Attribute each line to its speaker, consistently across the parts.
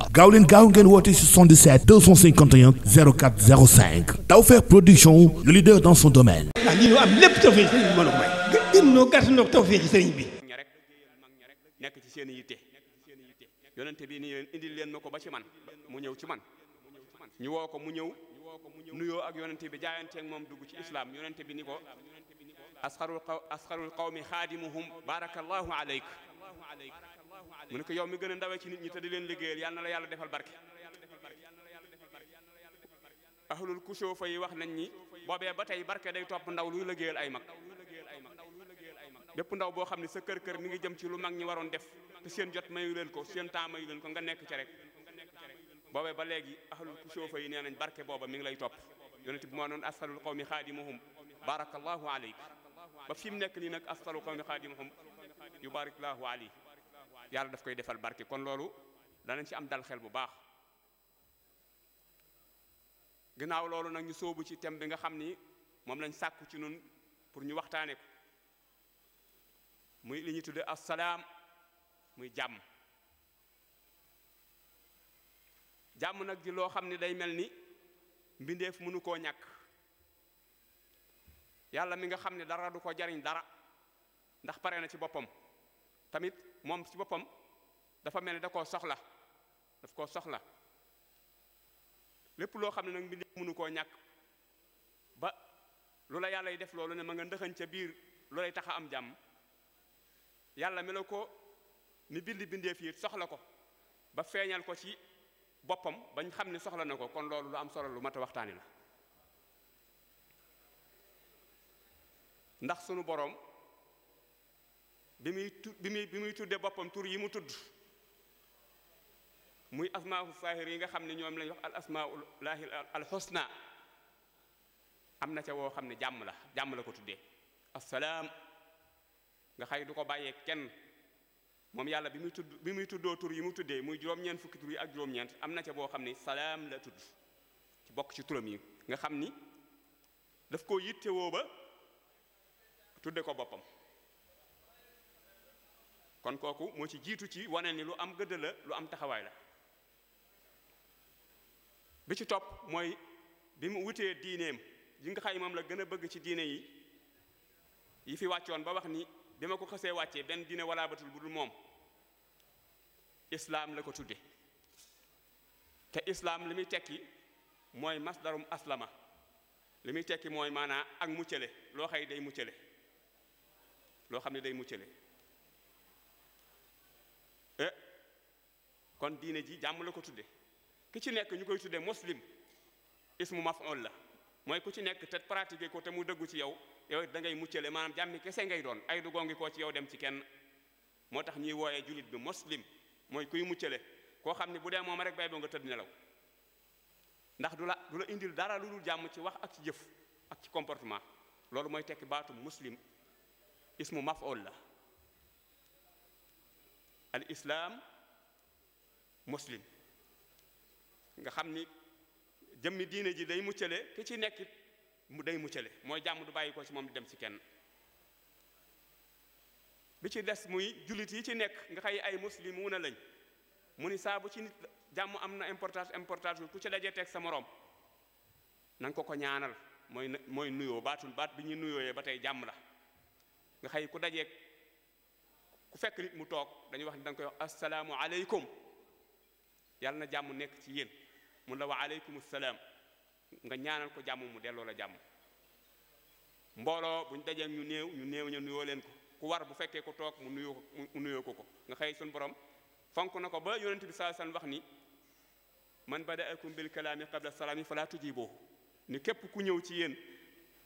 Speaker 1: waaw gaaw leen gaaw ngeen woote 77 251 04 05 Tawfekh Production le leader dans son domaine.
Speaker 2: ah lii ñu am lépp bi mën a may. gën gën ñoo gàtt ñoo tawfeex sëriñ bi. nekk ci seen yitte yonent bi ni leen ma ko ba ci man mu ñëw ci man ñu woo ko mu ñëw nuyoo ak yonent bi jaayanteeg moom dugg ci islam yonent bi ni ko asxarul qawmi xaadimuhum barakallahu aleyk mu ne ko yow mi gën a ndawe ci nit ñi te di leen liggéeyal yal na la yàlla defal barke ahlul kushoofa yi wax nañ ni boobee ba tey barke day topp ndaw luy liggéeyal ay mag bépp ndaw boo xam ne sa kër kër mi ngi jëm ci lu mag ñi waroon def te seen jot mayu leen ko seen temps mayu leen ko nga nekk ci rek boobee ba léegi ahlul kushoofa yi nee nañ barke booba mi ngi lay topp yonent bi moo noon asalul qawmi xaadimuhum barakallahu aleyk ba fi mu nekk nii nag asalu qawmi xaadimuhum yubarik yàlla daf koy defal barke kon loolu danañ ci am dal xel bu baax ginnaaw loolu nag ñu sóobu ci thème bi nga xam ni moom lañ sàkku ci nun pour ñu waxtaane ko muy li ñu tudde assalaam muy jàmm jàmm nag ji loo xam ni day mel ni mbindeef mënu koo ñàkk yàlla mi nga xam ne dara du ko jariñ dara ndax pare na ci boppam tamit moom ci boppam dafa mel ni da koo soxla daf koo soxla lépp loo xam ne nag mbindeef mënu koo ñàkk ba lu la yàlla yi def loolu ne ma nga ndëxañ ca biir lu lay tax a am jàmm yàlla mel ko ni bindi bindeef yi soxla ko ba feeñal ko ci boppam bañ xam ne soxla na ko kon loolu lu am solo lu mat a waxtaani la ndax sunu boroom bi muy tu muy bi boppam tur yi mu tudd muy asmaahu saahir yi nga xam ne ñoom lañ wax al asmaul laahil al xusna am na ca woo xam ne jàmm la jàmm la ko tuddee assalaam nga xay du ko bàyyee kenn moom yàlla bi muy tudd bi muy tuddoo tur yi mu tuddee muy juróom-ñeent fukki tur yi ak juróom-ñeent am na ca boo xam ne salaam la tudd ci bokk ci turam yi nga xam ni daf koo yittewoo ba tudde ko boppam kon kooku moo ci jiitu ci wane ni lu am gëdd la lu am taxawaay la bi ci topp mooy bi mu wutee diineem yi nga xay moom la gën a bëgg ci diine yi yi fi wàccoon ba wax ni bi ma ko xasee wàccee benn diine walaa batul bu dul moom islaam la ko tudde te islaam li muy tekki mooy masdarum aslama li muy tekki mooy maanaa ak muccale loo xay day muccale loo xam ne day muccale kon diine ji jàmm la ko tudde ki ci nekk ñu koy tudde muslim ismu maf'ul la mooy ku ci nekk te pratiquer ko te mu dëggu ci yow yow da ngay muccale maanaam jàmmi kese ngay doon ay du gongi koo ci yow dem ci kenn moo tax ñuy wooyee jullit bi muslim mooy kuy muccale koo xam ne bu dee moom rek bay boo nga tëdd nelaw ndax du la du indil dara lu jàmm ci wax ak ci jëf ak ci comportement loolu mooy tekki baatu muslim ismu maf'ul la al islam muslim nga xam ni jëmmi diine ji day muccale ki ci nekkit mu day muccale mooy jàmm du bàyyi ko ci moom di dem ci kenn bi ci des muy jullit yi ci nekk nga xay ay ne lañ mu ni saabu ci nit jàmm am na importance importance ku ci dajee teg sa moroom na ko ko ñaanal mooy mooy nuyoo baatul baat bi ñuy nuyooyee ba tey jàmm la nga xay ku dajee ku fekk nit mu toog dañuy wax ni da koy wax aleykum yàlla na jàmm nekk ci yéen mun la wa aleykum salaam nga ñaanal ko jàmm mu delloo la jàmm mbooloo buñ dajee ñu néew ñu néew ñu nuyoo leen ko ku war bu fekkee ko toog mu nuyoo mu nuyoo ko ko nga xëy suñu borom fonk na ko ba yonent bi sallallahu wax ni man ba bada'akum bil kalaami qabla salaami fala tujibu ni képp ku ñëw ci yéen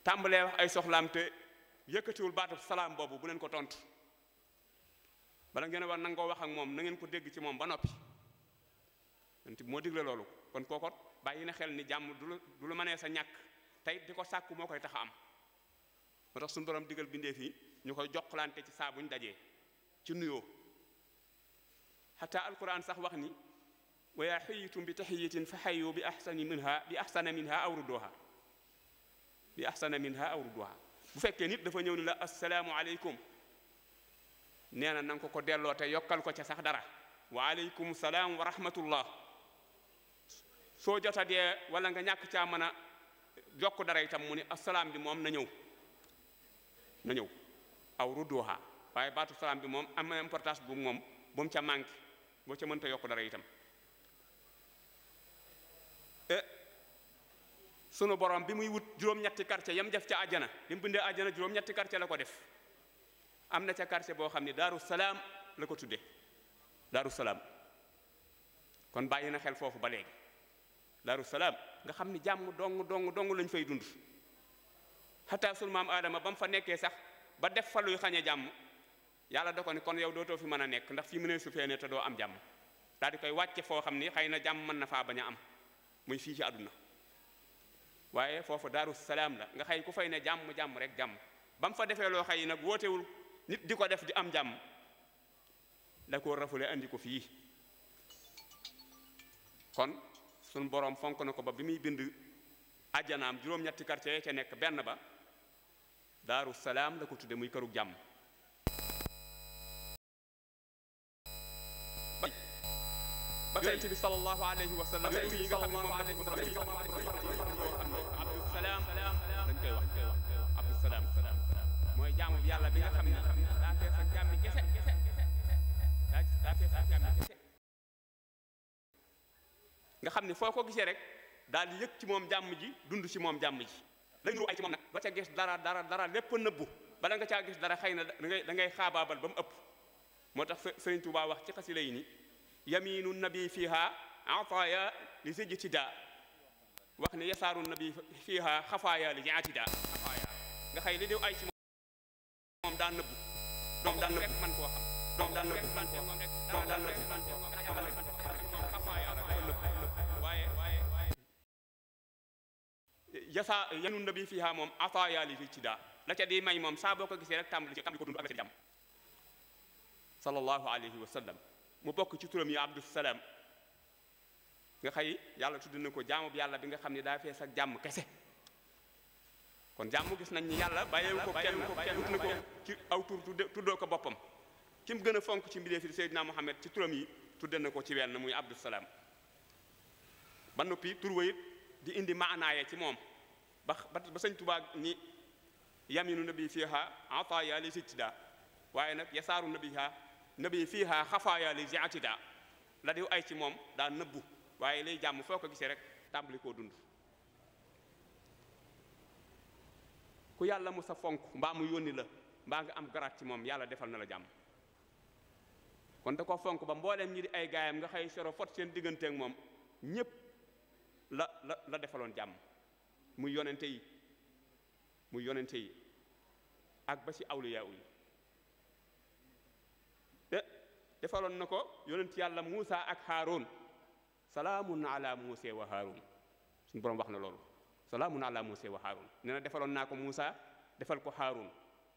Speaker 2: tàmbalee ay soxlaam te yëkkatiwul baatu salaam boobu bu leen ko tontu bala ngeen war nangoo wax ak moom na ngeen ko dégg ci moom ba noppi yonent moo digle loolu kon kookot bàyyi na xel ni jàmm du lu du la sa ñàkk tey di ko sàkku moo koy tax am moo tax suñu borom digal bindee fii ñu ko jokkalante ci saa bu dajee ci nuyoo xataa alquran sax wax ni wa yaa bi taxiyatin fa xayu bi axsani minha bi axsana minha aw rudduha bi axsana minha aw bu fekkee nit dafa ñëw ni la asalaamu aleykum nee na na ko ko delloo te yokkal ko ca sax dara wa aleykum salaam wa rahmatullah soo jotadee wala nga ñàkk caa mën a dara itam mu ni asalaam bi moom na ñëw na ñëw aw rudduha waaye baatu salaam bi moom am importance bu moom bu ca manqué boo ca mënta yokk dara itam e, sunu borom bi muy wut juróom-ñetti quartier yam def ca àjjana bi mu bindee àjjana juróom-ñetti quartier la ko def am na ca quartier boo xam ne daaru salaam la ko tudde daaru salaam kon bàyyi na xel foofu ba léegi daaru salaam nga xam ni jàmm dong dong dong lañ fay dund xataa sul maam aadama ba mu fa nekkee sax ba def fa luy xañe jàmm yàlla da ko kon yow dootoo fi mën a nekk ndax fii mën a su fee ne te doo am jàmm daal di koy wàcce xam ni xëy na jàmm mën na faa bañ a am muy fii ci àdduna waaye foofu daaru salaam la nga xëy ku fay ne jàmm jàmm rek jàmm ba fa defee loo xëy nag wootewul nit di ko def di am jàmm da koo rafule andi ko fii kon suñ boroom fonk na ko ba bi muy bind ajjanaam juróom-ñetti quartier ya ca nekk benn ba daaru salaam la ko tudde muy kërug jàmm ba yonent bi sallallahu alayhi wa sallam yi nga xam ne moom dañ koy wax abdou salaam mooy jaamu yàlla bi nga xam ne daa fees ak jàmmi kese daa fees ak jàmmi kese nga xam ne foo ko gisee rek daal di yëg ci moom jàmm ji dund ci moom jàmm ji lañ ru ay ba ca gis dara dara dara lépp nëbbu bala nga caa gis dara xëy na dangay da ngay xaabaabal ba mu ëpp moo tax Sëriñ Tuubaa wax ci xasida yi ni yaminu nabi fiiha ataaya li sijtida wax ne yasaaru nabi fiiha xafaaya li jaatida nga xëy li diw ay ci moom daa nëbbu doom daa nëbbu man koo xam doom daa nëbbu doom daa nëbbu jasa yanun nabi fiha moom ataayaali fi ci daa la ca di may moom saa boo ko gisee rek tàmbali ci tàmbali ko dund ak jàmm sallallahu mu bokk ci turam yi abdus xëy yàlla tudd na ko jaamu yàlla bi nga xam ne daa fees ak jàmm kese kon jàmm gis nañ ni yàlla bàyyeewu ci aw tur tuddoo ko boppam kim mu gën a fonk ci mbindeef yi Seydina Muhammad ci turam yi tudde na ko ci wenn muy abdus salaam ba noppi tur wa di indi maanaaya ci moom ba ba sëñ Tuubaa ni yaminu nabi fiiha ataaya li sijtida waaye nag yasaaru nabiha nabi fiiha xafaaya li jaatida la diw ay ci moom daa nëbbu waaye lay jàmm foo ko gisee rek tàmbali koo dund ku yàlla mu sa fonk mbaa mu yónni la mbaa nga am garaat ci moom yàlla defal na la jàmm kon da ko fonk ba mbooleem ñi di ay gaayam nga xëy soro fot seen digganteek moom ñépp la la la defaloon jàmm muy yonente yi muy yonente yi ak ba ci awliyaa yi eh, defaloon na ko yonent yàlla Muusa ak Haaroon salaamun ala Muusa wa Haaroon suñu boroom wax na loolu salaamun ala Muusa wa Haaroon nee na defaloon naa ko Muusa defal ko Haaroon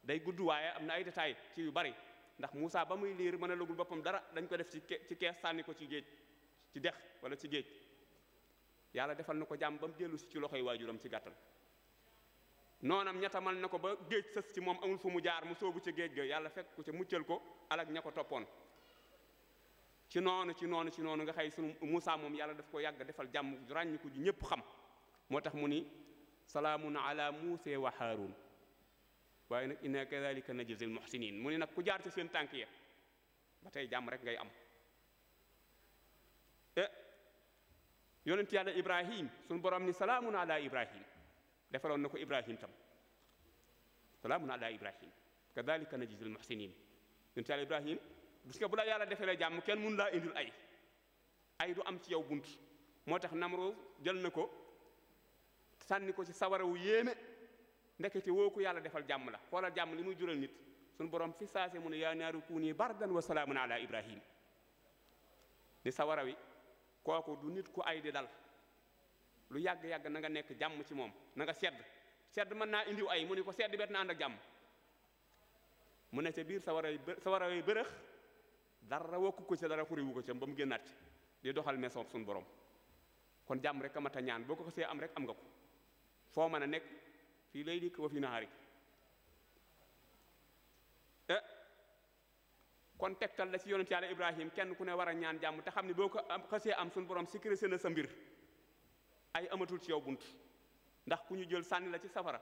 Speaker 2: day gudd waaye am na ay détails ci yu bari ndax Muusa ba muy liir mën a lagul boppam dara dañ ko def ci ci kees sànni ko ci géej ci dex wala ci géej yàlla defal na ko jàmm ba mu dellu si ci loxoy waajuram ci gàttal noonam ñettamal na ko ba géej sës ci moom amul fu mu jaar mu soobu ca géej ga yàlla fekk ko ca muccal ko alak ña ko toppoon ci noonu ci noonu ci noonu nga xay sunu musaa moom yàlla def ko yàgg defal jàmm ràññ ko ju ñépp xam moo tax mu ni salaamun ala Muusaa wa Haaruun waaye nag inna kadalika najzil muhsinin mu ni nag ku jaar ci seen tànk ya ba tey jàmm rek ngay am yonent yàlla ibrahim suñu borom ni salaamun ala ibrahim defaloon na ko ibrahim tam salaamun ala ibrahim kadalika najzil muhsinin yonent yàlla ibrahim bis nga bu la yàlla defalee jàmm kenn mun laa indil ay ay du am ci yow bunt moo tax namro jël na ko sànni ko ci sawara wu yéeme ndekete woo ko yàlla defal jàmm la xoolal jàmm li muy jural nit suñu borom fi saase mu ne yaa naaru kuuni bardan wa salaamun ala ibrahim ni sawara wi kooku du nit ku ay di dal lu yàgg-yàgg na nga nekk jàmm ci moom na nga sedd sedd mën naa indiw ay mu ne ko sedd bet na ànd ak jàmm mu ne ca biir sa war ay sa bërëx dara wokku ko ca dara xuriwu ko ca ba mu génnaat di doxal mesom suñu borom kon jàmm rekk a mat a ñaan boo ko xasee am rek am nga ko foo mën a nekk fii lay dikk wa fi nahaari kon tegtal la ci yonent yàlla ibrahim kenn ku ne war ñaan jàmm te xam ne boo ko am xësee am suñu borom sécurisé na sa mbir ay amatul ci yow bunt ndax ku ñu jël sànni la ci safara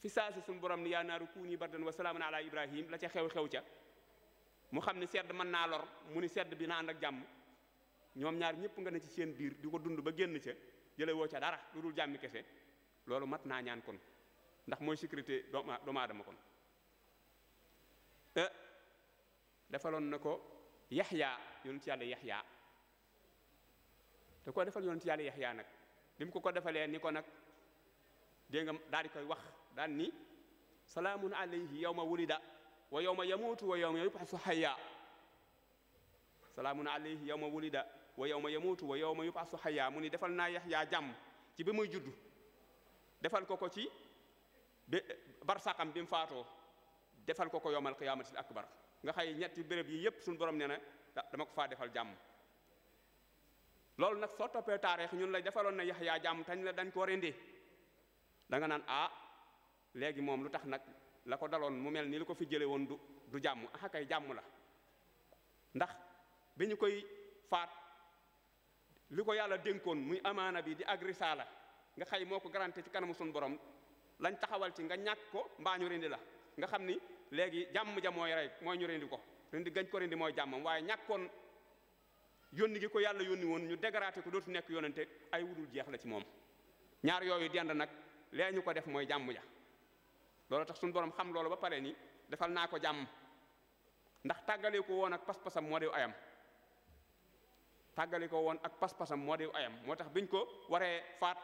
Speaker 2: fi saasi suñu borom ni yaa naaru kuuni bardan wa salaaman ala ibrahim la ca xew-xew ca mu xam ne sedd mën naa lor mu ni sedd bi na ànd ak jàmm ñoom ñaar ñëpp nga ne ci seen biir di ko dund ba génn ca jële woo ca dara lu dul jàmmi kese loolu mat naa ñaan kon ndax mooy sécurité doomu aadama kon eh, defaloon na ko yaxyaa yonent yàlla yaxyaa te koo defal yonent yàlla yaxyaa nag bi mu ko ko defalee ni ko nag dégg nga daal di koy wax daal ni salaamun alayhi yawma wulida wa yawma yamuutu wa yawma yub'asu hayya salaamun alayhi yawma wulida wa yawma yamuutu wa yawma yub'asu hayya mu ni defal naa yaxyaa jàmm ci bi muy juddu defal ko ko ci barsaqam bi mu faatoo defal ko ko yawmal qiyaamatil akbar nga xay ñetti béréb yi yépp suñ borom nee na ah, dama ko faa defal jàmm loolu nag soo toppee taarix ñun lay defaloon na Yaxya jàmm tañ la dañ koo rendi da nga naan ah léegi moom lu tax nag la ko daloon mu mel ni lu ko fi jële woon du du jàmm ah kay jàmm la ndax bi ñu koy faat li ko yàlla dénkoon muy amaana bi di ak risaala nga xay moo ko garanté ci kanamu suñ borom lañ taxawal ci nga ñàkk ko mbaañu ñu la nga xam ni léegi jàmm ja mooy rek mooy ñu rendi ko rendi gañ ko rendi mooy jàmmam waaye ñàkkoon yónni gi ko yàlla yónni woon ñu dégraté ko dootu nekk yonente ay wudul jeex la ci moom ñaar yooyu dend nag lee ñu ko def mooy jàmm ja loolu tax suñu borom xam loolu ba pare nii defal naa ko jàmm ndax tàggale ko woon ak pas-pasam moo di ayam tàggale ko woon ak pas-pasam moo di ayam moo tax biñ ko waree faat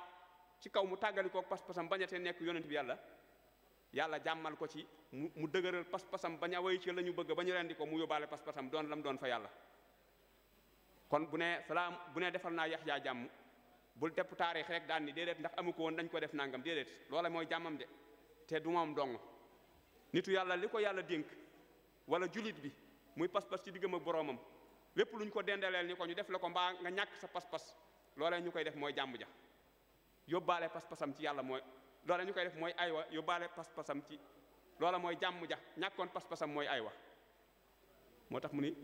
Speaker 2: ci kaw mu tàggali ko ak pas-pasam te nekk yonent bi yàlla yàlla jàmmal ko ci mu mu dëgëral pas-pasam bañ a way ci la ñu bëgg ba ñu rendi ko mu yóbbaale pas-pasam doon lam doon fa yàlla kon bu nee salaam bu nee defal naa Yaxya jàmm bul tepp taarix rek daan ni déedéet ndax amu ko woon dañ ko def nangam déedéet loole mooy jàmmam de te du am dong nitu yàlla li ko yàlla dénk wala julit bi muy pas-pas ci diggam ak boroomam lépp lu ñu ko dendaleel ni ko ñu def la ko mbaa nga ñàkk sa pas-pas loolee ñu koy def mooy jàmm ja yóbbaale pas-pasam ci yàlla mooy loola ñu koy def mooy aywa yóbbaale pas-pasam ci loola mooy jàmm ja ñàkkoon pas-pasam mooy aywa moo tax mu ni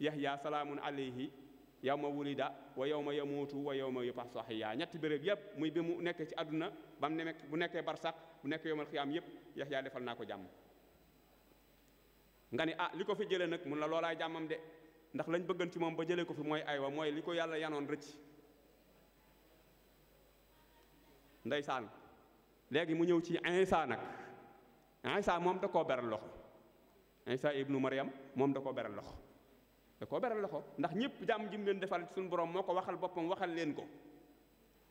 Speaker 2: yahya salaamun alayhi yow ma wulida wa yow ma yamuutu wa yow ma wax yaa ñetti béréb yëpp muy bi mu nekk ci àdduna ba mu bu nekkee barsax bu nekkee yowmal xiyaam yëpp yahya defal naa ko jàmm nga ni ah li ko fi jëlee nag mun la loolaay jàmmam de ndax lañ bëggan ci moom ba jëlee ko fi mooy aywa mooy li ko yàlla yanoon rëcc ndeysaan léegi mu ñëw ci Isa nag Isa moom da koo baral loxo Isa ibnu Maryam moom da koo beral loxo da koo beral loxo ndax ñëpp jàmm jim leen defal suñu borom moo ko waxal boppam waxal leen ko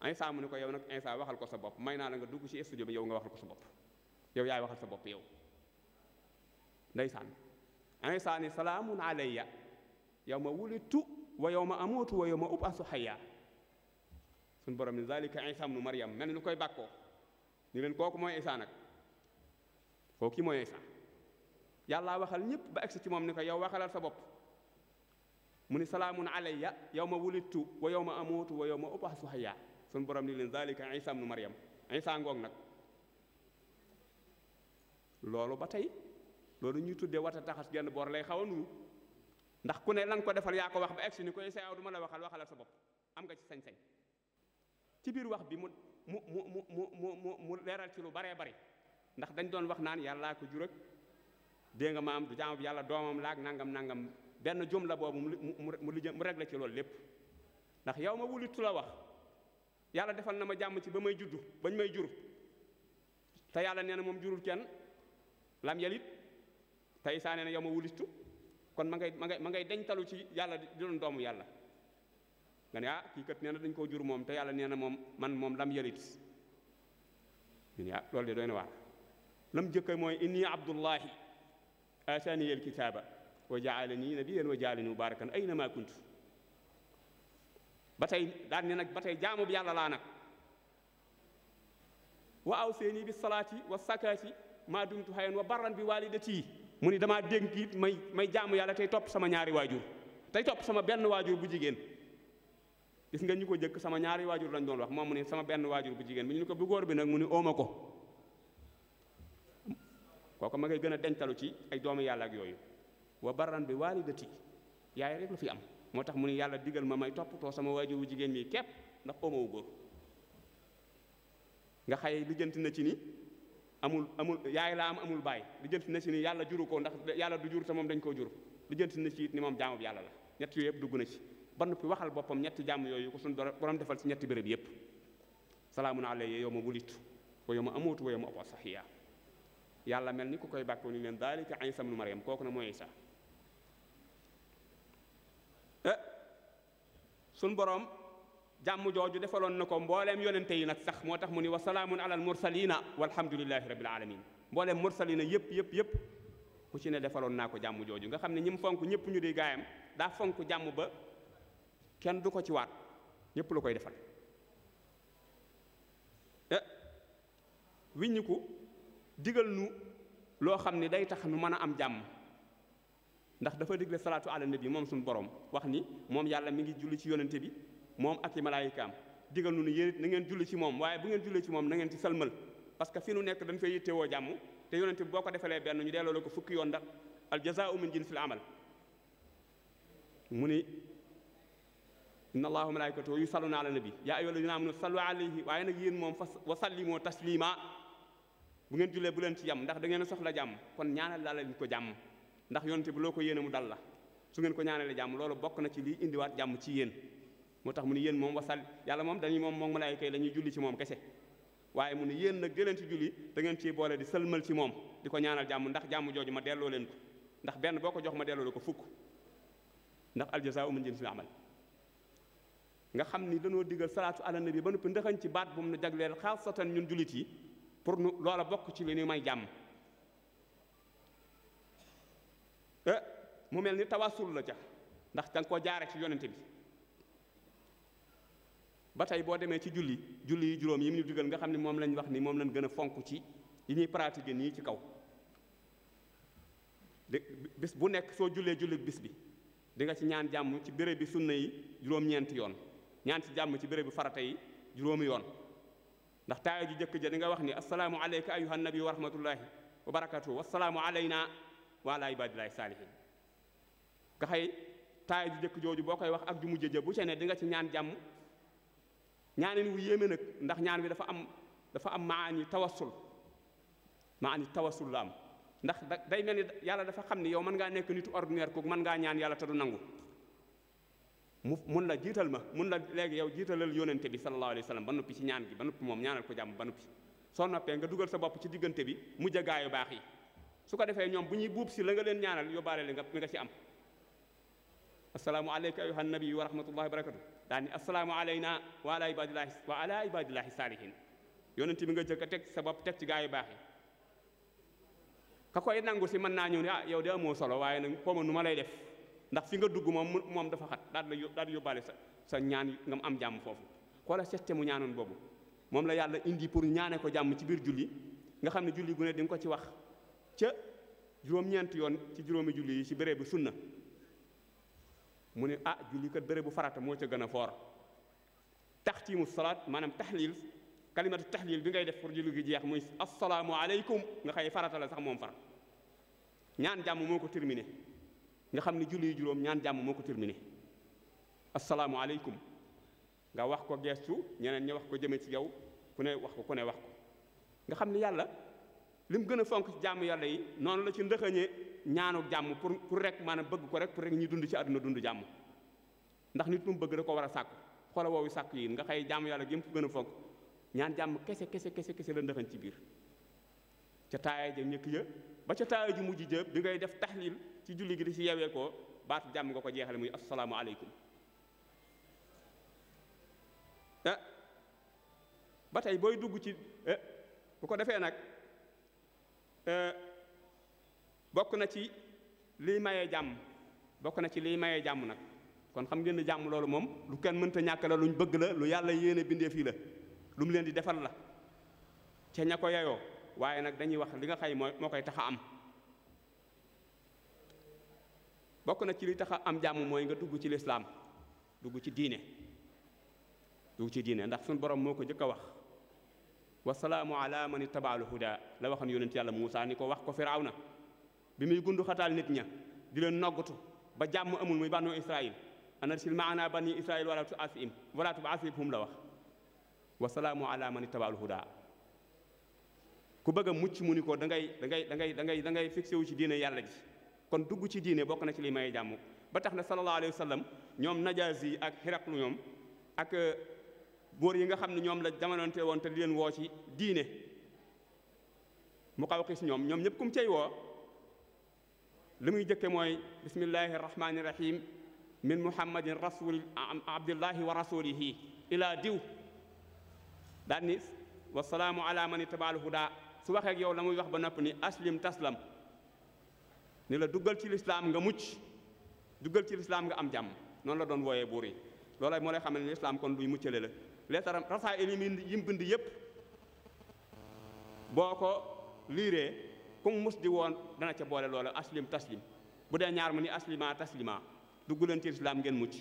Speaker 2: Isa mu ne ko yow nag Isa waxal ko sa bopp may naa la nga dugg ci studio bi yow nga waxal ko sa bopp yow yaay waxal sa bopp yow ndeysaan Isa ni salaamun alayya yow ma wulitu wa yow ma amutu wa yow ma ubasu xayya suñu borom ni zalika Isa ibnu Maryam mel ni lu koy bàkkoo ni leen kooku mooy Isa nag kooku kii mooy Isa yàllaa waxal ñëpp ba egsi ci moom ni ko yow waxalal sa bopp mu ni salaamun alayya yow ma wulittu wa yow ma amuutu wa yow ma ubaxasu hayya suñu borom ni leen zalika Isa ibnu Maryam Isa ngoog nag loolu ba tey loolu ñuy tuddee wata taxas genn boor lay xaw a nuru ndax ku ne lan ko defal yaa ko wax ba egsi ni ko Isa yow du la waxal waxalal sa bopp am nga ci sañ-sañ ci biir wax bi mu mu mu mu mu mu mu leeral ci lu baree bari ndax dañ doon wax naan yàllaa ko jur ak dégg nga maam du jaamam yàlla doomam laag nangam nangam benn jumla boobu mu mu mu la ci loolu lépp ndax yow ma wulitu la wax yàlla defal na ma jàmm ci ba may juddu bañ may jur te yàlla nee na moom jurul kenn lam yalit tey isaa nee na yow ma wulitu kon ma ngay ma ngay ma ngay deñtalu ci yàlla di doon doomu yàlla nga ne ah kii kat dañ koo jur moom te yàlla nee moom man moom lam yalit ñu ne ah, loolu de doy na waar lam jëkka mooy inni abdullahi aatani al kitaaba wa jaalani nabiyyan wa jaalani mubarakan ayna ma kuntu ba tey daan ne nag ba jaamu bi yàlla laa nag wa awseeni bi salaati wa sakaati maa dumtu xayan wa barran bi walidati mu ni damaa dénk it may may jaamu yàlla tey topp sama ñaari waajur tey topp sama benn waajur bu jigéen gis nga ñu ko jëkk sama ñaari waajur lañ doon wax moom mu ne sama benn waajur bu jigéen bi ñu ko bu góor bi nag mu ne ooma ko kooku ma ngay gën a dencalu ci ay doomu yàlla ak yooyu wa barran bi waalidati yaay rek la fi am moo tax mu ne yàlla digal ma may toppatoo sama waajur bu jigéen mii képp ndax ooma wu góor nga xay lijjanti na ci ni amul amul yaay laa am amul baay lijjanti na ci ni yàlla juru ko ndax yàlla du jur te moom dañ koo jur lijjanti na ci moom jaamu yàlla la ñett yëpp dugg na ci ba noppi waxal boppam ñetti jàmm yooyu ko suñu borom defal ci ñetti béréb yépp salaamun alayya yow ma wulitu wa ma amootu wa yow ma aba saxiya yàlla mel ni ku koy bàkkoo ni leen daalika Iisa ibnu Maryam kooku na mooy Iisa eh, suñ boroom jàmm jooju defaloon na ko mbooleem yonente yi nag sax moo tax mu ni wa salaamun alal mursalina walhamdulilahi rabil alamin mbooleem mursalina yëpp yëpp yëpp ku ci ne defaloon naa ko jàmm jooju nga xam ne ñi mu fonk ñëpp ñu di gaayam daa fonk ba kenn du ko ci waat ñëpp la koy defal eh wiññi ko digal nu loo xam ni day tax nu mën a am jàmm ndax dafa digle salaatu ala nabi moom suñu borom wax ni moom yàlla mi ngi julli ci yonente bi moom ak i malaayikaam digal nu yéen na ngeen julli ci moom waaye bu ngeen julli ci moom na ngeen ci salmal parce que fi nu nekk dañ fay yittewoo jàmm te yonente bi boo ko defalee benn ñu delloo la ko fukki yoon ndax al jazaa'u min jinsil amal mu ni inna allahu malaikatahu yusalluna ala nabi yaa ayyuha alladina amanu sallu alayhi waaye nag yéen moom fa wa sallimoo taslima bu ngeen jullee bu leen ci yam ndax da ngeen soxla jàmm kon ñaanal la ko jàmm ndax yonte bi loo ko yéene mu dal la su ngeen ko ñaanalee jàmm loolu bokk na ci lii indiwaat jàmm ci yéen moo tax mu ne yéen moom wasal yàlla moom dañuy moom moom malaayika yi la ñuy julli ci moom kese waaye mu ne yéen nag di leen ci julli da ngeen ciy boole di sëlmal ci moom di ko ñaanal jàmm ndax jàmm jooju ma delloo leen ndax benn boo ko jox ma delloo la ko fukk ndax aljazaa'u min jinsil amal nga xam ni dañoo digal salaatu ala bi ba noppi ndaxañ ci baat bu mu nu jagleel xaasatan ñun jullit yi pour nu loola bokk ci li nu may jàmm eh, mu mel ni tawasul la ca ndax danga ko jaare ci yonente bi ba tey boo demee ci julli julli yi juróom yi mu ñu digal nga xam ni moom lañu wax ni moom lañ gën a fonk ci yi ñuy pratiquer nii ci kaw bis bu nekk soo jullee julli bis bi dinga nga ci ñaan jàmm ci béréb bi sunna yi juróom-ñeenti yoon ñaan ci jàmm ci bérébu farata yi juróomi yoon ndax taaya ju jëkk ja di nga wax ni assalaamu aleyka ayuha nabi wa rahmatullahi wa barakatuhu wassalaamu aleyna wa ala ibadillahi saalihin nga xëy taaya ju jëkk jooju boo koy wax ak ju mujj ja bu ca ne dinga ci ñaan jàmm ñaanin wu yéeme nag ndax ñaan wi dafa am dafa am maani tawassul maani tawassul la am ndax day mel ni yàlla dafa xam ni yow mën ngaa nekk nitu ordinaire kooku mën ngaa ñaan yàlla te du mu mun la jiital ma mun la léegi yow jiitalal yoonante bi sallallahu alayhi wa ba noppi ci ñaan bi ba noppi moom ñaanal ko jàmm ba noppi soo noppee nga dugal sa bopp ci diggante bi mu jagaayu baax yi su ko defee ñoom bu ñuy buub si la nga leen ñaanal yóbbaale li nga li nga ci am asalaamu aleyka ayuha nabiyu wa rahmatullahi wa barakatu daa ni asalaamu aleyna wa ala ibadillahi wa ala ibadillahi saalihin yónente bi nga jëkk a teg sa bopp teg ci gaayu baax yi ka koy nangu si mën naa ñëw ne ah, yow de amoo solo waaye nag xawma nu ma lay def ndax fi nga dugg moom moom dafa xat daal di la yóbbaale sa sa ñaan nga am jàmm foofu xoola sette mu ñaanoon boobu moom la yàlla indi pour ñaane ko jàmm ci biir julli nga xam ne julli gu ne di nga ko ci wax ca juróom-ñeent yoon ci juróomi julli yi ci bëree bérébu sunna mu ne ah julli kat bu farata moo ca gën a foor taxtiimu salaat maanaam taxliil kalimatu taxliil bi ngay def pour julli gi jeex muy assalaamu aleykum nga yi farata la sax moom far ñaan jàmm ko terminé nga xam ne julli yu juróom ñaan jàmm moo ko terminé asalaamualeykum nga wax ko geestu ñeneen ñi wax ko jëme ci yow ku ne wax ko ku ne wax ko nga xam ne yàlla li mu gën a fonk ci jàmm yàlla yi noonu la ci ndëxëñee ñaanu jàmm pour pour rek maanaam bëgg ko rek pour rek ñu dund ci àdduna dund jàmm ndax nit mu bëgg da ko war a sàkku xoola woowu sàkku yi nga xëy jàmm yàlla gi mu ko gën a fonk ñaan jàmm kese kese kese kese la ndëxëñ ci biir ca taaya ja ñëkk ya ba ca taaya ju ngay def taxlil ci julli gi di si yewee ko baat jàmm nga ko jeexale muy asalaamu aleykum eh, ba tey booy dugg ci eh, bu ko defee nag eh, bokk na ci liy mayee jàmm bokk na ci liy mayee jàmm nag kon xam ngeen jàmm loolu moom lu kenn mënta ñàkk la luñ bëgg la lu yàlla yéene bindee fii la lu mu leen di defal la ca ña ko yeyoo waaye nag dañuy wax li nga xay mooy moo koy tax a am bokk na ci li tax am jàmm mooy nga dugg ci lislaam dugg ci diine dugg ci diine ndax suñu borom moo ko njëkk a wax wasalaamu ala man ittabaal huda la waxoon yonent yàlla Muusaa ni ko wax ko Firawna bi muy gund xataal nit ña di leen noggatu ba jàmm amul muy bànnoo Israil anarsil maana ba Israil wala tu asim wala tu asibhum la wax wasalaamu ala man ittabaal huda ku bëgg a mucc mu ni ko dangay ngay da ngay da ngay da ngay da ci diine yàlla ji kon dugg ci diine bokk na ci limay may jàmm ba tax na sallallahu alayhi wa sallam ñoom najaas yi ak xiraqlu ñoom ak góor euh, yi nga xam ne ñoom la jamononte woon te di leen woo ci diine mu xaw xis ñoom ñoom ñëpp kum cey woo li muy jëkke mooy bismillahi rahmani rahim min muhammadin rasul abdillahi wa rasulihi ila diw daal ni wasalaamu ala man itabal huda su waxee yow la muy wax ba nopp ni aslim taslam ni la duggal ci lislaam nga mucc duggal ci lislaam nga am jàmm noonu la doon wooyee buur yi loolay moo lay xamal ne lislaam kon luy muccale la leetaram rasaa elimin yi mu bind yépp boo ko liiree ku mus di woon dana ca boole loola aslim taslim bu dee ñaar mu ni aslima taslima dugg leen ci lislaam ngeen mucc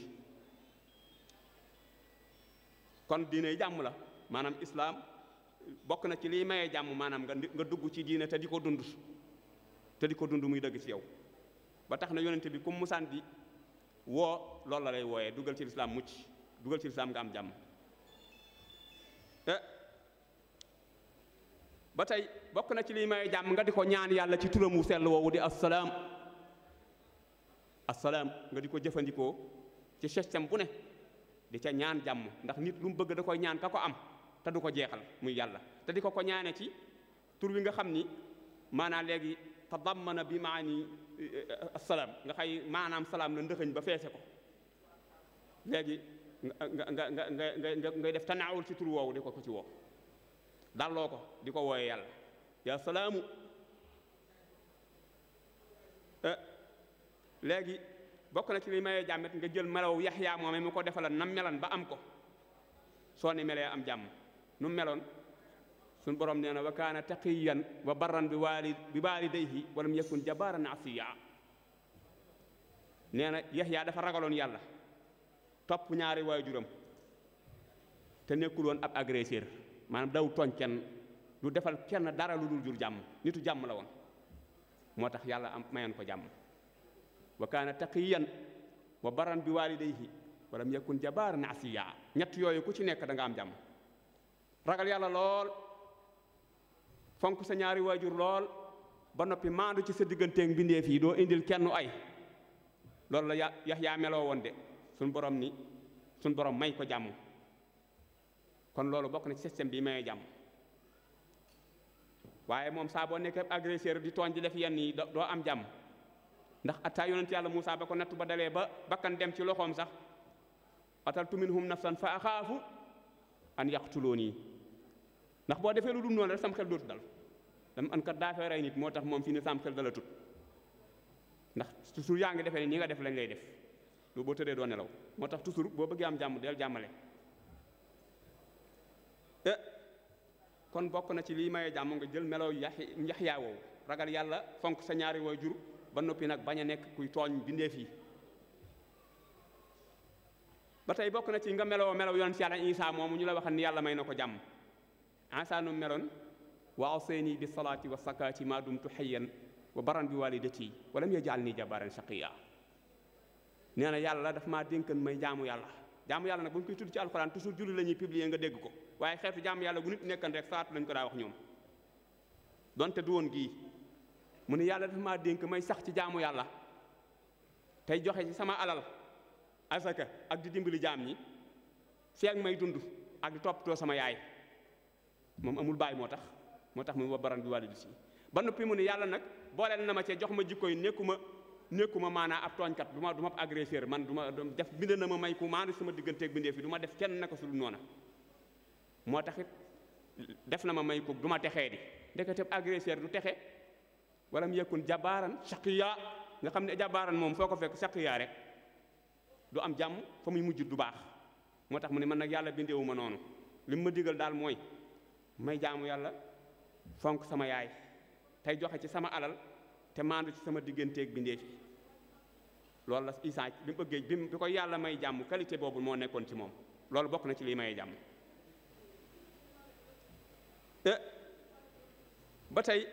Speaker 2: kon diine jàmm la maanaam islaam bokk na ci liy mayee jàmm maanaam nga dugg ci diine te di ko dund te di ko dund muy dëgg ci yow ba tax na yonente bi comme musaan bi woo loolu la lay wooyee dugal ci lislaam mucc dugal ci lislaam nga am jàmm eh, ba tey bokk na ci lii may jàmm nga di ko ñaan yàlla ci turam wu sell woowu di assalaam assalaam nga di ko jëfandikoo ci système bu ne di ca ñaan jàmm ndax nit lu mu bëgg da koy ñaan ka ko am te du ko jeexal muy yàlla te di ko ko ñaane ci tur wi nga xam ni maanaam léegi tadammana bi maani eh, eh, eh, salaam nga xay maanaam salaam la ndëxëñ ba feese ko léegi nga nga nga nga ngay def tanaawul ci tur woowu di ko ko ci woo dalloo ko di ko wooye yàlla yaa salaamu léegi bokk na ci li mayee jàmmet nga jël melaw yaxyaa moome mu ko defalan nam melan ba am ko soo ni am jàmm nu meloon suñ boroom nee na wa kaana taqiyan wa baran bi waali bi waalidayhi walam yakun jabaaran asiya nee na yaxyaa dafa ragaloon yàlla topp ñaari waajuram te nekkul woon ab agresseur maanaam daw tooñ kenn defal kenn dara lu jur jàmm nitu jàmm la moo tax yàlla am ko jàmm wa kaana taqiyan wa baran bi waalidayhi walam yakun jabaaran asiya ñett yooyu ku ci nekk danga am jàmm ragal yàlla lool fonk sa ñaari waajur lool ba noppi maandu ci sa digganteeg mbindeef yi doo indil kenn ay loolu la yax yaa meloo woon de suñ borom ni suñ borom may ko jàmm kon loolu bokk na ci système bi mayee jàmm waaye moom saa boo nekkee agresseur di tooñ di def yenn yi doo am jàmm ndax ataa yonent yàlla Moussa ba ko nattu ba dalee ba bakkan dem ci loxoom sax atal tuminhum nafsan fa axaafu an yaqtuluuni ndax boo defee lu dul noonu rek sam xel dootu dal dama an kat daa rey nit moo tax moom fii ne sam xel dala tut ndax toujours yaa ngi defe ne ñi nga def lañ lay def loolu boo tëree doo nelaw moo tax toujours boo bëggee am jàmm del jàmmale eh, kon bokk na ci lii mayee jàmm nga jël melow yaxyaa woowu ragal yàlla fonk sa ñaari way jur ba noppi nag bañ nekk kuy tooñ bindee fii ba tey bokk na ci nga meloo melow yoon si yàlla Isaa moomu ñu la waxal ni yàlla may na ko jàmm ansaanu meloon wa awseeni bi salaati wa sakaati maa dumtu xayyan wa baran bi walidati wa lam yaj'alni jabbaran shaqiya nee na yàlla daf maa dénkan may jaamu yàlla jaamu yàlla nag bu ñu koy tudd ci alxuraan toujours julli la ñuy publier nga dégg ko waaye xeetu jaamu yàlla gu nit nekkan rek saatu lañ ko daa wax ñoom donte du woon gii mu ne yàlla dafa ma dénk may sax ci jaamu yàlla tey joxe ci sama alal asaka ak di dimbali jaam yi feeg may dund ak di sama yaay moom amul baay moo tax moo tax mu wa baran bi wàllu si ba noppi mu ne yàlla nag booleel na ma cee jox ma jikko yi nekkuma nekkuma maanaa ab tooñkat du ma du ma agresseur man duma ma def bind na ma may ku maandu sama digganteeg bindee fi du def kenn naka sul tax it def na ma may ku du ma texee di ndekete agresseur du texe walla mu yekkun jabaaran shaqiya nga xam ne jabaaran moom foo ko fekk shaqiya rek du am jàmm fa muy mujj du baax moo tax mu ne man nag yàlla bindeewu ma noonu li mu ma digal daal mooy may jaamu yàlla fonk sama yaay tey joxe ci sama alal te maandu ci sama digganteeg bi yi loolu la Isaa bi mu ëggee bi bi koy yàlla may jàmm qualité boobu moo nekkoon ci moom loolu bokk na ci lii may jàmm ba tey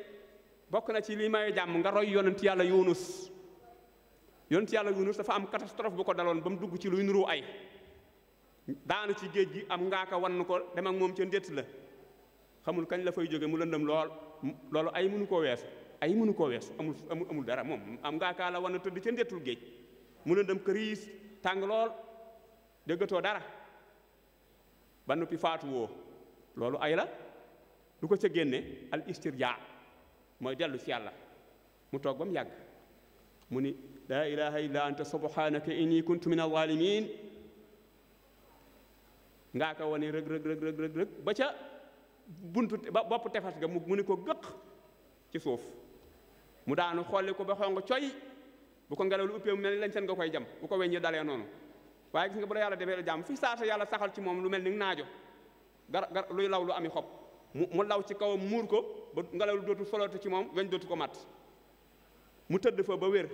Speaker 2: bokk na ci lii may jàmm nga roy yonent yàlla Yunus yonent yàlla Yunus dafa am catastrophe bu ko daloon ba mu dugg ci luy nuru ay daanu ci géej gi am ngaaka ko ko dem moom ca ndett la xamul kañ la fay jóge mu lëndëm lool loolu ay mënu koo weesu ay mënu koo weesu amul dara moom am ngaa kaa la war na tëdd ca ndettul géej mu lëndëm këriis tàng lool déggatoo dara ba noppi faatu woo loolu ay la lu ko ca génne al istirja mooy dellu ci yàlla mu toog ba mu yàgg mu ni laa ilaha illa anta subhanaka inni kuntu min alzalimin ngaa ka wane rëg rëg rëg rëg rëg ca buntu bopp tefes ga mu ni ko gëq ci suuf mu daanu xolli ko ba xong coy bu ko ngelaw lu uppee mu mel ni lañ seen nga koy jam bu ko weññee dalee noonu waaye gis nga bu la yàlla defee la jàmm fi saasa yàlla saxal ci moom lu mel ni naajo gar gar luy law lu ami xob mu mu law ci kawam muur ko ba ngelaw lu dootu soloote ci moom weñ dootu ko mat mu tëdd fa ba wér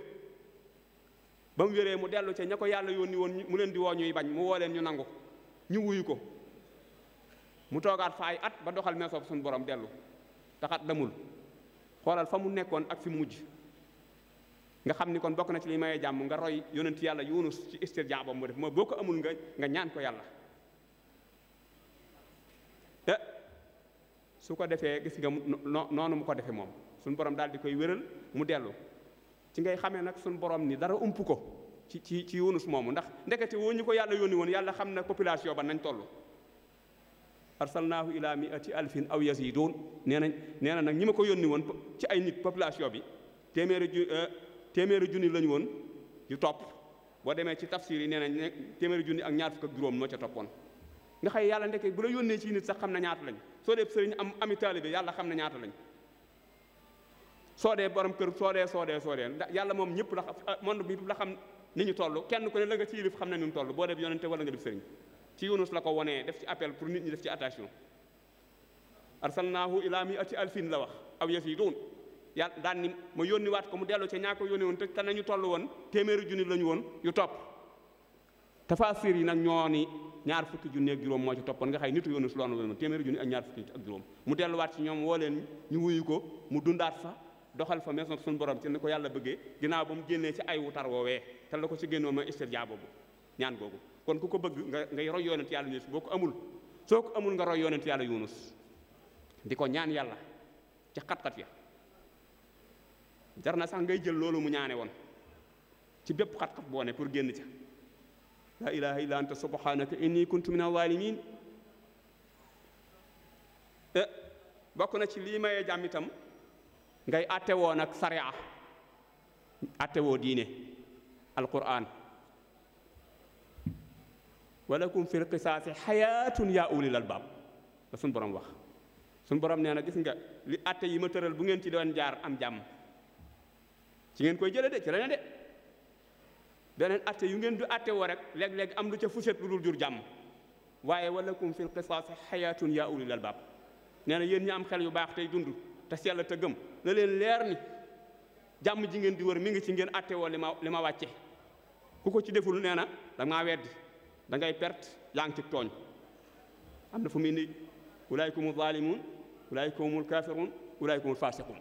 Speaker 2: bam mu wéree mu dellu ca ña ko yàlla yoon yi woon mu leen di woo ñuy bañ mu woo leen ñu nangu ñu wuyu ko mu toogaat fa ay at ba doxal mee soob suñu borom dellu taxat damul xoolal fa mu nekkoon ak fi mu mujj nga xam ni kon bokk na ci li mayee jàmm nga roy yonent yàlla yunus ci istirjaabam mu def moo boo ko amul nga nga ñaan ko yàlla eh, su ko defee gis nga noonu mu ko defee moom suñu borom daal di koy wéral mu dellu ci ngay xamee nag suñu borom ni dara ump ko ci ci ci yunus moomu ndax ndekete woo ñu ko yàlla yónni woon yàlla xam na population ba nañ toll arsalnaahu ilaa mi'ati alfin aw yaziduun nee nañ nee na nag ñi ma ko yónni woon ci ay nit population bi téeméeri ju euh, téeméeri junni lañu woon yu topp boo demee ci tafsir yi nee nañ téeméeri junni ak ñaar fukk juróom noo ca toppoon nga xëy yàlla ndeke bu la yónnee ci nit sax xam na ñaata lañ soo dee sëriñ am ami na ñaata lañ soo dee borom kër soo dee soo dee soo dee yàlla moom ñëpp la euh, bi la xam ni ñu toll kenn ku ne la nga ci yilif xam na ñu toll boo dee yonente wala nga def sëriñ ci Yunus la ko wonee def ci appel pour nit ñi def ci attention arsalnaahu ilaa ci alfin la wax aw yaziiduun yaa daan ni ma yónni waat ko mu dellu ca ñaa ko yónni woon te te nañu toll woon téeméeri junni lañu woon yu topp tafaasir yi nag ñoo ñaar fukki junni ak moo ci toppoon nga xay nitu Yunus loolu la woon téeméeri junni ak ñaar fukki ak juróom mu delluwaat ci ñoom woo leen ñu wuyu ko mu dundaat fa doxal fa maison suñu borom ci ne ko yàlla bëggee ginnaaw ba mu génnee ci ay wutar woowee te la ko ci génnoo ma istirjaa boobu ñaan googu kon ku ko bëgg nga ngay roy yonent yàlla yunus boo ko amul soo ko amul nga roy yonent yàlla yunus di ko ñaan yàlla ci xat-xat ya jar na sax ngay jël loolu mu ñaane woon ci bépp xat-xat boo ne pour génn ca laa ilaha illa anta subhanaka inni kuntu mina zalimin eh, bokk na ci lii mayee jàmm itam ngay attewoo nag sariya attewoo diine alquran walakum fil qisaasi xayaatun yaa ulil albaab la suñ borom wax suñ borom nee na gis nga li atte yi ma tëral bu ngeen ci doon jaar am jàmm ci ngeen koy jële de ci la de beneen atte yu ngeen du atte woo rek léeg-léeg am lu ca fuset lu dul jur jàmm waaye walakum fil qisaasi xayaatun yaa ulil albaab nee na yéen ñi am xel yu baax tey dund te sell te gëm na leen leer ni jàmm ji ngeen di wër mi ngi ci ngeen atte woo li ma li ma wàcce ku ko ci deful nee na da ngaa da ngay perte yaa ngi ci tooñ am na fu muy ni ulaykum zalimun ulaykum kafirun ulaykum fasiqun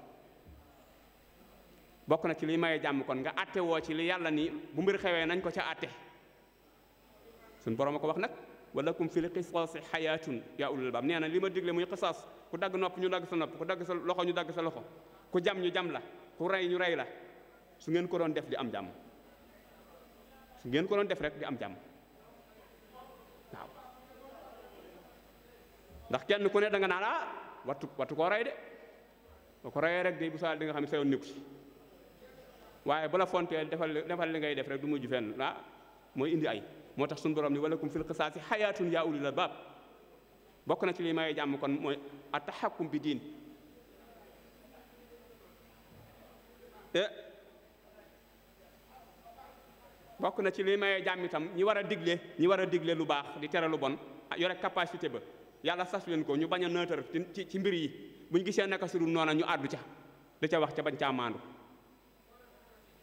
Speaker 2: bokk na ci li maye jàmm kon nga àtte woo ci li yàlla nii bu mbir xewee nañ ko ca àtte suñ borom a ko wax nag walakum fil qisaasi xayaatun yaa ulul albab nee na li ma digle muy qisaas ku dagg nopp ñu dagg sa nopp ku dagg sa loxo ñu dagg sa loxo ku jam ñu jam la ku rey ñu rey la su ngeen ko doon def di am jàmm su ngeen ko doon def rek di am jàmm ndax kenn ku ne da nga naan ah wattu wattu ko rey de boo ko reyee rek day bu saal di nga xam ne sayoon nekku si waaye bu la fonteel defal defal li ngay def rek du mujj fenn ah mooy indi ay moo tax suñu borom ni walakum fil qisaasi xayaatun yaa ulil albaab bokk na ci li jàmm kon mooy ataxakum bi diin eh, bokk na ci li may jàmm itam ñi war a digle ñi war a digle lu baax di tere lu bon ah, yore capacité ba yàlla sas leen ko ñu bañ a nëtër ci ci mbir yi buñ gisee naka su dul noona ñu àddu ca da ca wax ca bañ caa maandu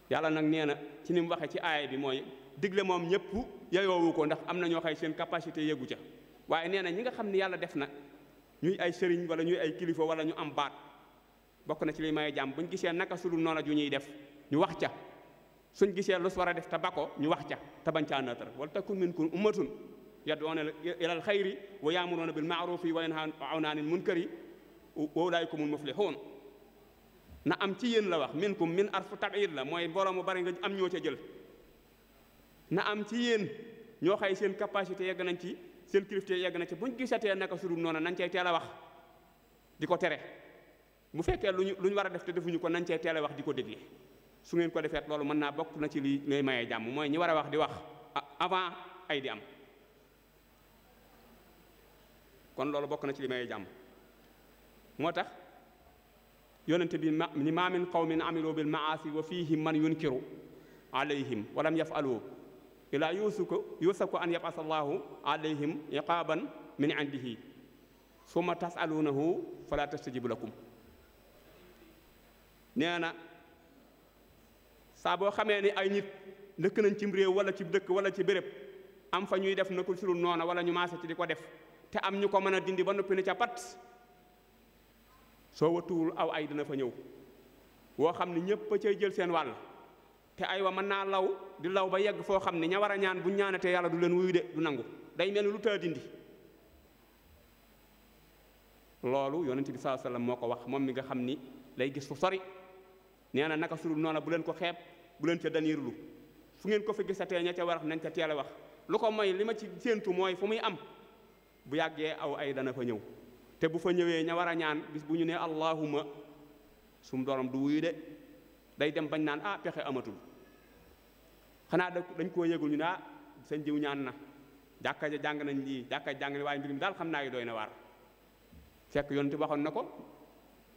Speaker 2: yàlla nag nee na ci ni mu waxee ci aaya bi mooy digle moom ñëpp yeyoowu ko ndax am na ñoo xay seen capacité yëgu ca waaye nee na ñi nga xam ne yàlla def nag ñuy ay sëriñ wala ñuy ay kilifa wala ñu am baat bokk na ci li may jàmm buñ gisee naka su dul noona ju ñuy def ñu wax ca suñ gisee lu su war a def te ba ñu wax ca te bañ caa nëtër wala takun minkum yad'uuna ilal xayri wa ya'muruuna bil ma'ruufi wa yanhawna anil munkari wa ulaa'ikumul muflihuun na am ci yéen la wax miin minkum min arfu tab'id la mooy borom mu bari nga am ñoo ca jël na am ci yéen ñoo xay seen capacité yegg nañ ci seen kilifté yegg nañ ci buñ gisatee naka sudul noonu nañ cay teel a wax di ko tere bu fekkee luñu lu ñu war a def te defuñu ko nañ cay teel a wax di ko dégle su ngeen ko defeet loolu mën naa bokk na ci li lay mayee jàmm mooy ñi war a wax di wax ah, avant ay am kon loolu bokk na ci li may jàmm moo tax yonente bi ni ma min qawmin amilu bil maasi wa fihim man yunkiru alayhim walam yafalu ila yusuku yusaku an yabasa allahu alayhim iqaban min indihi summa tasalunahu fala tastajibu lakum nee na saa boo xamee ni ay nit lëkk nañ cim réew wala ci dëkk wala ci béréb am fa ñuy def na ko sulul noona wala ñu maase ci di ko def te am ñu ko mën a dindi ba noppi ne ca pat soo watuwul aw ay dina fa ñëw woo xam ne ñëpp a cay jël seen wàll te ay wa man naa law di law ba yegg foo xam ne ña war a ñaan bu ñaanatee yàlla du leen wuyu de du nangu day mel ni lu taa dindi loolu yonent bi saa sallam moo ko wax moom mi nga xam ni lay gis fu sori nee na naka sudul noona bu leen ko xeeb bu leen ca daniirlu fu ngeen ko fi gisatee ña ca war nañ ca teel a wax lu ko mooy li ma ci séentu mooy fu muy am bu yàggee aw ay dana fa ñëw te bu fa ñëwee ña war a ñaan bis bu ñu nee allahuma sum dorom du wuyu de day dem bañ naan ah pexe amatul xanaa dañ koo yëgul ñu ne ah seen jiw ñaan na jàkka ja jàng nañ lii jàkka jàng ne waaye mbir daal xam naa yi doy na waar fekk yonent waxoon na ko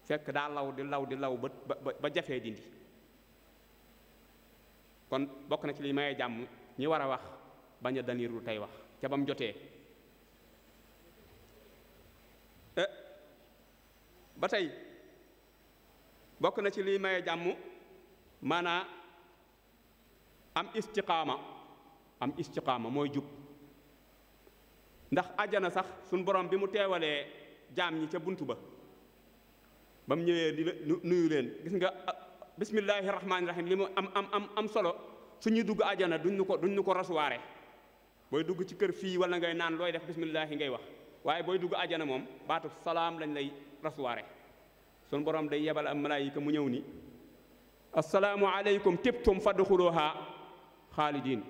Speaker 2: fekk daa law di law di law ba ba ba jafee dindi kon bokk na ci li mayee jàmm ñi war a wax bañ a daniiru tey wax ca bam jotee ba tey bokk na ci liy maye jàmm maanaa am istiqaama am istiqaama mooy jub ndax àjjana sax suñ borom bi mu teewalee jaam ñi ca bunt ba ba mu ñëwee di nuyu leen gis nga ah, bismillaahi rahmaani rahim li mu am am am am solo suñuy dugg àjjana duñ ñu ko duñ nu ko rasuwaare booy dugg ci kër fii wala ngay naan looy def bismillaahi ngay wax waaye booy dugg àjjana moom baatu salaam lañ lay rasuwaare sun boroom day yebal am malaayika mu ñëw ni assalaamu aleykum tibtum fadxuluha xaalidin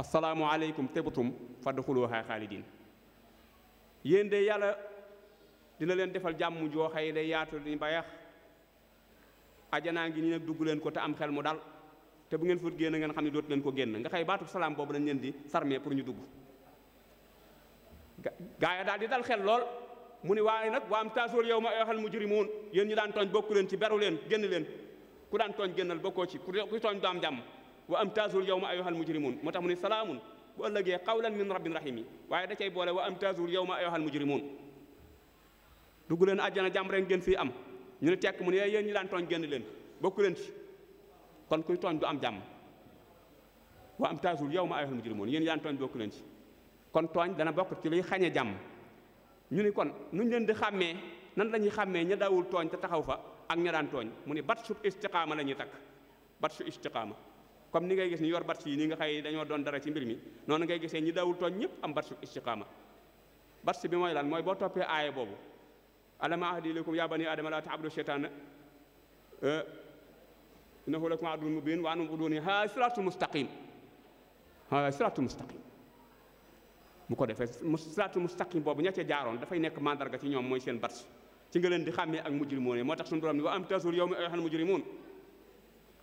Speaker 2: assalaamu aleykum tibtum fadxuluha xaalidin yéen de yàlla dina leen defal jàmm joo xëy day yaatu ni bayax ajanaa ngi ñu ne dugg leen ko te am xel mu dal te bu ngeen fut génn ngeen xam ne dootu leen ko génn nga xëy baatub salaam boobu dañ leen di sarmee pour ñu dugg gaa ya daal di dal xel lool mu ni waaye nag wa am taasul yow ma ayyuhal mujrimuun yéen ñu daan tooñ bokku leen ci beru leen génn leen ku daan tooñ génnal bokkoo ci ku tooñ du am jàmm wa am taasul yow ma ayyuhal mujrimuun moo tax mu ni salaamun bu ëllëgee qawlan waaye da cay boole wa am taasul yow ma ayyuhal dugg leen àjjana jàmm rek ngeen fii am ñu ne tekk mu ne eh, yéen ñu daan tooñ leen bokku leen ci kon kuy tooñ du am jàmm wa am taasul yow ma ayyuhal mujrimuun yéen ñu daan tooñ bokku leen ci kon tooñ dana bokk ci luy xañe jàmm ñu ni kon nuñ leen di xàmmee nan la ñuy xàmmee ña daawul tooñ te taxaw fa ak ña daan tooñ mu ni bat su istiqaama la ñuy takk bat su istiqaama comme ni ngay gis ni yor bat yi ni nga xëy dañoo doon dara ci mbir mi noonu ngay gisee ñi daawul tooñ ñëpp am bat su istiqaama bat bi mooy lan mooy boo toppee aaya boobu alama ahdi ilaykum yaa bani aadama laa ta'budu sheytaana innahu lakum aduwwun mubiin wa an ubuduuni haa siraatul mustaqim haa siraatul mustaqim bu ko defee mu siraatul mustaqim boobu ña ca jaaroon dafay nekk mandarga ci ñoom mooy seen bats ci nga leen di xàmmee ak mujrimoon yi moo tax suñu borom ni wa am tasur yow mi ayoxal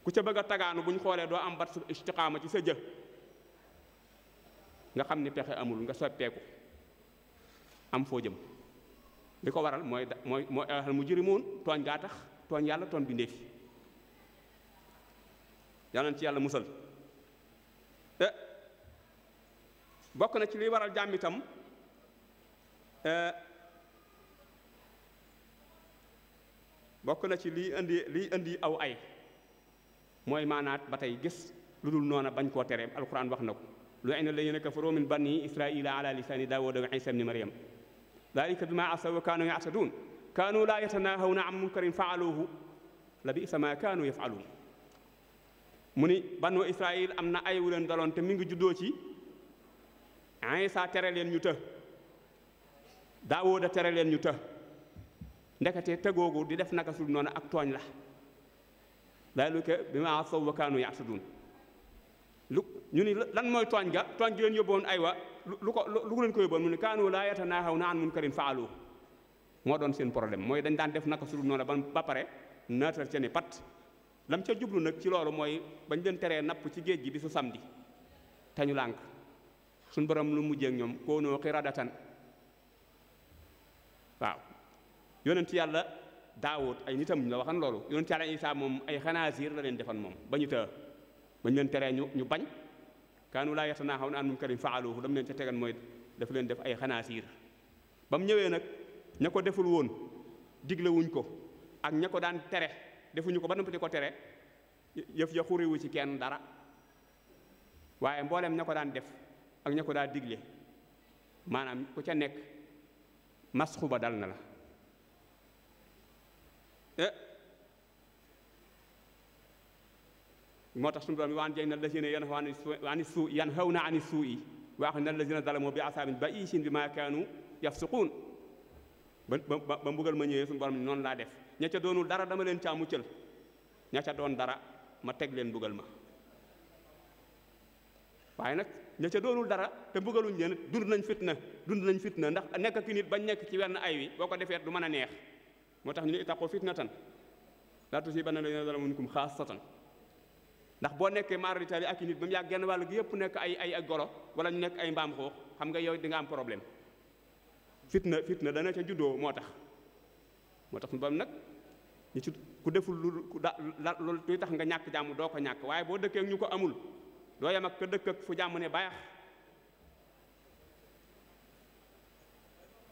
Speaker 2: ku ca bëgg a tagaanu bu ñu xoolee doo am batsu istiqaama ci sa jë nga xam ni pexe amul nga soppeeku am foo jëm li ko waral mooy da mooy mooy ayoxal mujrimoon tooñ gaa tax tooñ yàlla tooñ bi ndéefi yal nañ yàlla musal bokk na ci liy waral jàmm itam euh, na ci liy indi liy indi aw ay mooy maanaat ba tey gis lu dul noona bañ koo tereem alquran wax na ko lu ayna alladina kafaru min bani israila ala lisani daawuda wa isa ibni maryam dalika bima asaw wa kaanu yataduun kaanu laa yatanahawna an munkarin kaanu yafaluun mu ni banu israil am na ay wu daloon te mi ngi juddoo ci saa tere leen ñu të Daawuda tere leen ñu të ndekete tëgoogu di def naka sul noonu ak tooñ la daalika bimaa asaw wa kaanu ya'taduun lu ñu ni lan mooy tooñ ga tooñ gi leen ay wa lu ko lu leen ko yóbboon mu ne kaanu laa naa yatanaahaw an munkarin fa'aluuh moo doon seen problème mooy dañ daan def naka sul noonu ba ba pare naatal ca ne pat lam ca jublu nag ci loolu mooy bañ leen teree napp ci géej gi bi su samedi te ñu lànk suñ borom lu mujjee ak ñoom koonoo xiradatan waaw yonent yàlla daawut ay nitam la waxan loolu yonent yàlla isaa moom ay xanaasiir la leen defan moom ba ñu të bañ leen teree ñu ñu bañ kaanu laa naa yatanaaxawna an munkarin faaluhu dam leen ca tegan mooy dafa leen def ay xanaasiir ba mu ñëwee nag ña ko deful woon diglewuñ ko ak ña daan tere defuñu ko ba noppi di ko tere yëf ya xuriwu ci kenn dara waaye mbooleem ña ko daan def ak ña ko daa digle maanaam ku ca nekk masxu ba dal na la eh. moo tax suñu borom waan jay na lazina yan ani suu yan xaw na ani suu yi waax na lazina zalamoo bi asaabin ba isin bi maa kaanu yafsuquun ba ba mbugal ma ñëwee suñu borom noonu laa def ña ca doonul dara dama leen caa muccal ña ca doon dara ma teg leen mbugal ma waaye nag ña ca doonul dara te bëggaluñ leen dund nañ fitna dund nañ fitna ndax nekk ki nit bañ nekk ci wenn ay wi boo ko defee du mën a neex moo tax ñu ne ittaqoo fitnatan laa tusiibanna llaziina zalamu minkum xaassatan ndax boo nekkee maaritali ak i ba mu yàgg gi yëpp nekk ay ay golo wala ñu nekk ay mbaam xuux xam nga yow di nga am problème fitna fitna dana ca juddoo moo tax moo tax bam nag ñu ci ku deful lu lu tax nga ñàkk jàmm doo ko ñàkk waaye boo dëkkee ñu ko amul doo yam ak ka fu jàmm ne bayax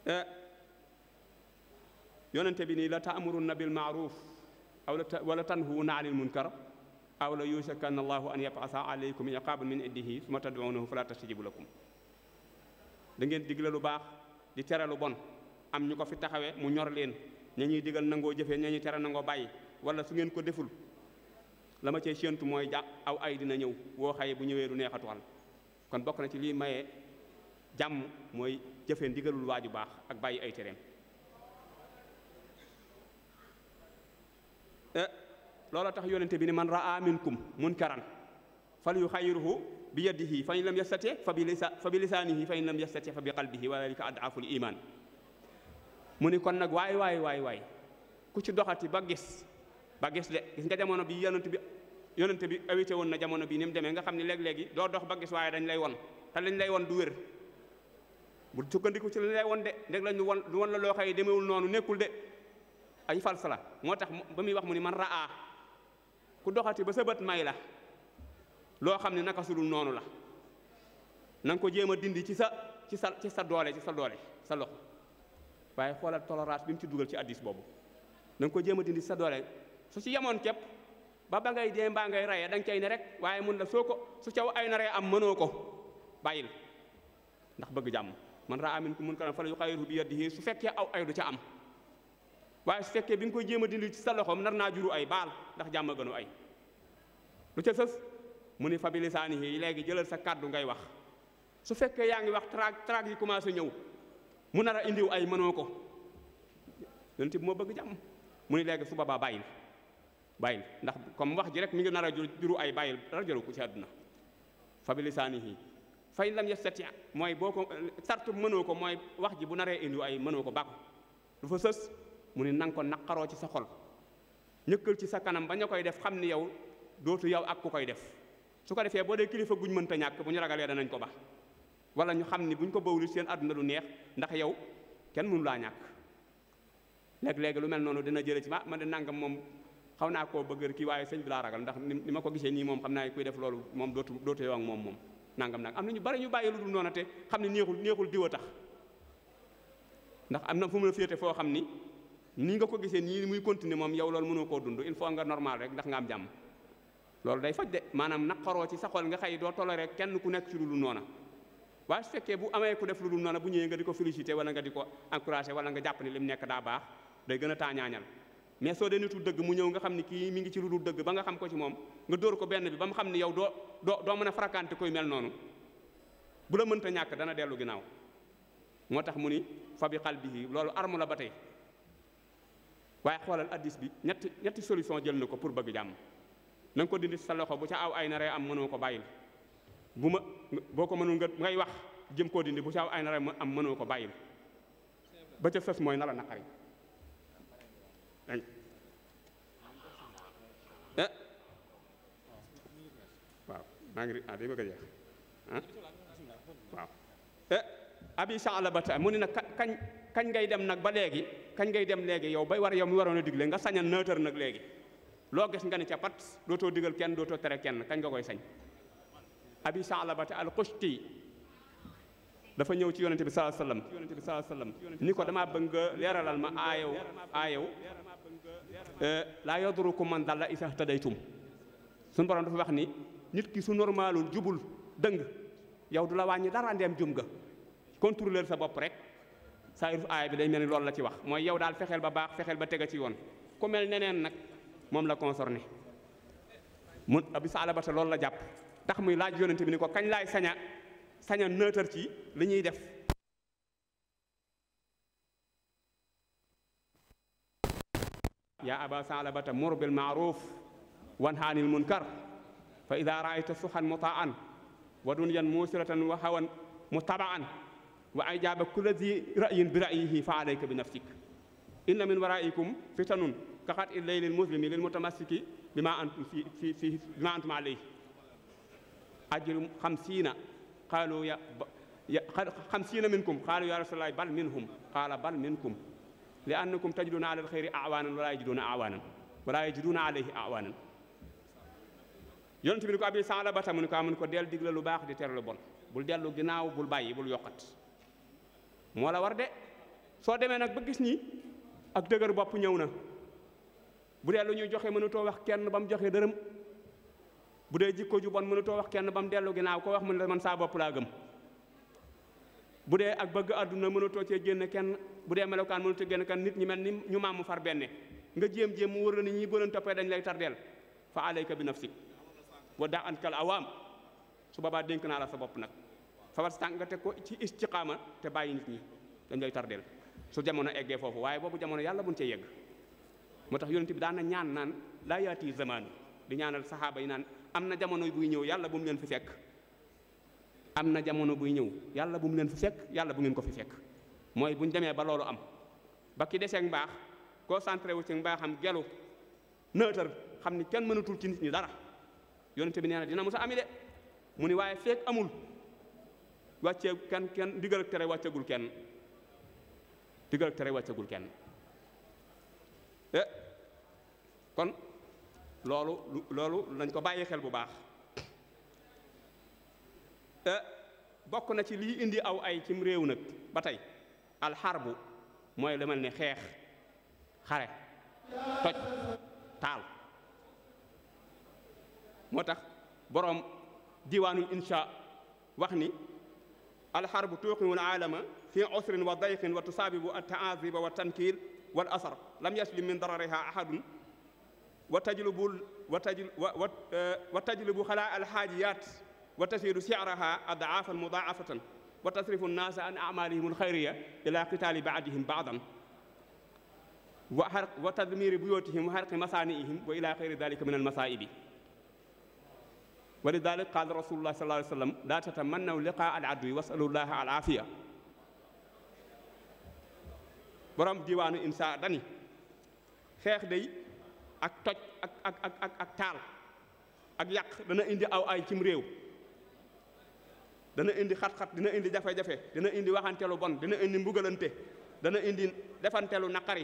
Speaker 2: eh, yonente bi nii la taamurunna bil maaruf aw la wala tanhuuna mun munkar aw la yuusakanna allahu an yabasa aleykum iqaaban min indihi suma tad'uunahu fala tastajibu lakum da dangeen digle lu baax di tere lu bon am ñu ko fi taxawee mu ñor leen ña ñuy digal nangoo jëfee ña ñuy tere nangoo bàyyi wala su ngeen ko deful la ma cee séentu mooy ja aw ay dina ñëw woo xay bu ñëwee du neexatuwal kon bokk na ci lii maye jàmm mooy jëfe ndigalul waaju baax ak bàyyi ay tereem eh, loola tax yonente bi ne man raa minkum munkaran fal yuxayiruhu bi yadihi fa in lam yastati fa bi lisa fa bi lisaanihi fa in lam yastati fa bi qalbihi wa dalika ad'aful iman mu ni kon nag waay waay waay waay ku ci doxati ba gis ba gis de gis nga jamono bi yonent bi yonent bi awite woon na jamono bi ni mu demee nga xam ne leg léegi doo dox ba gis waaye dañ lay won te lañ lay won du wér bu sukkandiku ci lañ lay won de ndeg lañ won lu la loo yi demeewul noonu nekkul de ay falsa la moo tax ba muy wax mu ni man raa ku doxati ba sa bët may la loo xam ne naka sudul noonu la na ko jéem a dindi ci sa ci sa sa doole ci sa doole sa loxo waaye xoolal tolérance bi mu ci dugal ci addis boobu na ko jéem a dindi sa doole su ci yemoon képp ba ba ngay dee mbaa ngay rayee da nga cay ne rek waaye mun la soo ko su caw ay naree am mënoo ko bàyyil ndax bëgg jàmm man raa amin ku mun kanam fa la yuxayiru bi yadihi su fekkee aw ay du ca am waaye su fekkee bi nga koy jéem a dindi ci sa loxoom nar naa juru ay baal ndax jàmm gënu ay lu ca sës mu ni fa bi lisaanihi léegi jëlal sa kàddu ngay wax su fekkee yaa ngi wax traag traag yi commencé ñëw mu nar a indiw ay mënoo ko yonent moo bëgg jàmm mu ni léegi su boobaa bàyyil bàyyil ndax comme wax ji rek mi ngi nar a juru ay bàyyil dara jaru ko ci àdduna fa bi lisaanihi fa in lam mooy boo ko sartu mënoo ko mooy wax ji bu naree indi ay mënoo ko bàkku lu fa sës mu ne nanga naqaroo ci sa xol ñëkkal ci sa kanam ba ña koy def xam ni yow dootu yow ak ku koy def su ko defee boo dee kilifa guñ mënta ñàkk bu ñu ragalee danañ ko ba wala ñu xam ni buñ ko bawlu seen àdduna lu neex ndax yow kenn munu laa ñàkk léeg-léeg lu mel noonu dina jële ci ah, ma man de nangam moom xaw naa koo bëgg kii waaye sëñ bi laa ragal ndax ni ma ko gisee nii moom xam naa kuy def loolu moom dootu dootu yow ak moom moom nangam nag am na ñu bari ñu bàyyi lu dul noona te xam ne neexul neexul diwa tax ndax am na fu mu féete foo xam ni nii nga ko gisee nii muy continuer moom yow loolu mënoo koo dund il faut nga normal rek ndax nga am jàmm loolu day faj de maanaam naqaroo ci sa xol nga xëy doo toléré kenn ku nekk ci lu dul noona waaye su fekkee bu amee ku def lu dul noona bu ñëwee nga di ko félicité wala nga di ko encouragé nga jàpp ne li mu nekk daa baax day gën taañaañal mais soo dee nitu dëgg mu ñëw nga xam ni kii mi ngi ci lu dul dëgg ba nga xam ko ci moom nga dóor ko benn bi ba mu xam ni yow doo doo doo mën a fréquenté koy mel noonu bu la mënta ñàkk dana dellu ginnaaw moo tax mu ni xal bi qalbihi loolu arme la ba tey waaye xoolal addis bi ñetti ñetti solution jël na ko pour bëgg jàmm na ko dindi sa loxo bu ca aw ay naree am mënoo ko bàyyil bu ma boo ko mënul nga ngay wax jëm koo dindi bu ca aw ay naree am mënoo ko bàyyil ba ca mooy na la naqari maa ngi ah a jeex ah waaw eh, abi saalabata mu ne nag kañ kañ ngay dem nag ba léegi kañ ngay dem léegi yow bay war yow mi waroon a digle nga sañan nëtër nag léegi loo gis nga ne ca pat dootoo digal kenn dootoo tere kenn kañ nga koy sañ abi saalabata al xushti dafa ñëw ci yonente bi salaa sallam yonente bi salaa ni ko damaa bëgg nga leeralal ma aayow aayow eh, laa yadurukum man dalla isa htadaytum suñu borom dafa wax ni nit ki su normalul jubul dëng yow du la wàññi dara ndeem jum ga contrôleur sa bopp rek sa yuruf aaya bi day mel ni loolu la ci wax mooy yow daal fexeel ba baax fexeel ba tega ci yoon ku mel neneen nag moom la concerné mu abi saalabata loolu la jàpp tax muy laaj yonente bi ni ko kañ laay saña saña nëtër ci li ñuy def yaa aba saalabata mur bil maaruf wan haanil munkar fa ida raayta suxan mutaan wa dunyan muusiratan wa hawan mutabaan wa ijaaba kulla zi ra'yin bi ra'yihi fa alayka bi nafsik inna min waraikum fitanun kaxat il lay lil muslimi lil mutamassiki bi ma antum fi fi fi bi ma antum alayhi ajrum xamsiina qaalu ya xamsiina minkum qaalu ya rasulallah bal minhum qaala bal minkum li annakum tajiduna ala alxayri awaanan wala yajiduna awaanan wala yajiduna alayhi awaanan yonent bi ni ko abi saala bata mu ni ko amun ah, ko dellu digle lu baax di tere lu bon bul dellu ginnaaw bul bàyyi bul yokkat moo la war de soo demee nag ba gis ñi ak dëgër bopp ñëw na bu dee lu ñuy joxe mënutoo wax kenn ba mu joxe dërëm bu dee jikko ju bon mënutoo wax kenn ba mu dellu ginnaaw ko wax mu ne la man saa bopp laa gëm bu dee ak bëgg àdduna mënutoo cee génn kenn bu dee melokaan mënutoo génn kenn nit ñi mel ni ñu maamu far benn nga jéem jéem mu wër la ni ñi bëran toppee dañ lay tardeel fa alayka bi nafsik wa daa ankal awaam su boobaa dénk naa la sa bopp nag fawar si tànk ko ci istiqaama te bàyyi nit ñi dañ lay tardeel su jamono eggee foofu waaye boobu jamono yàlla buñ cee yegg moo tax yonent bi daan na ñaan naan laa yaati zamaanu di ñaanal saxaaba yi naan am na buy ñëw yàlla bu mu leen fi fekk am na jamono buy ñëw yàlla bu mu leen fi fekk yàlla bu ngeen ko fi fekk mooy buñ demee ba loolu am ba ki deseeg mbaax koo concentré wu ci mbaaxam gelu nëtër xam ni kenn mënatul ci nit ñi dara yonente bi nee na dina sa ami de mu ni waaye feek amul wàcce kenn kenn digal ak tere wàccagul kenn digal ak tere wàccagul kenn eh kon loolu loolu nañ ko bàyyi xel bu baax eh, bokk na ci lii indi aw ay cim réew nag ba tey alxarbu mooy li mel ne xeex xare toj taal moo tax boroom diiwaanul insha wax ni alxarbu tuuqiwul aalama fi usrin wa dayqin wa tusaabibu ataaziba wa tankiir wal asar lam yaslim min darariha ahadun wa tajlubu wa tajl wa eh, tajlubu xalaa alxaajiyaat wa tasiiru si'raha ad'aafan mudaa'afatan wa tasrifu nnaasa an a'maalihim alxayriya ilaa qitaali ba'dihim ba'dan wa xar wa tadmiiri buyuutihim wa xarqi masaani'ihim wa ilaa xayri dalika min almasaa'ibi ولذلك قال رسول الله صلى الله عليه وسلم لا تتمنوا لقاء العدو واسألوا الله العافية borom diwaanu IMSA dani xeex day ak toj ak ak ak ak taal ak yàq dana indi aw ay cim réew dana indi xat-xat dina indi jafe-jafe dina indi waxantelu bon dina indi mbugalante dana indi defanteelu naqari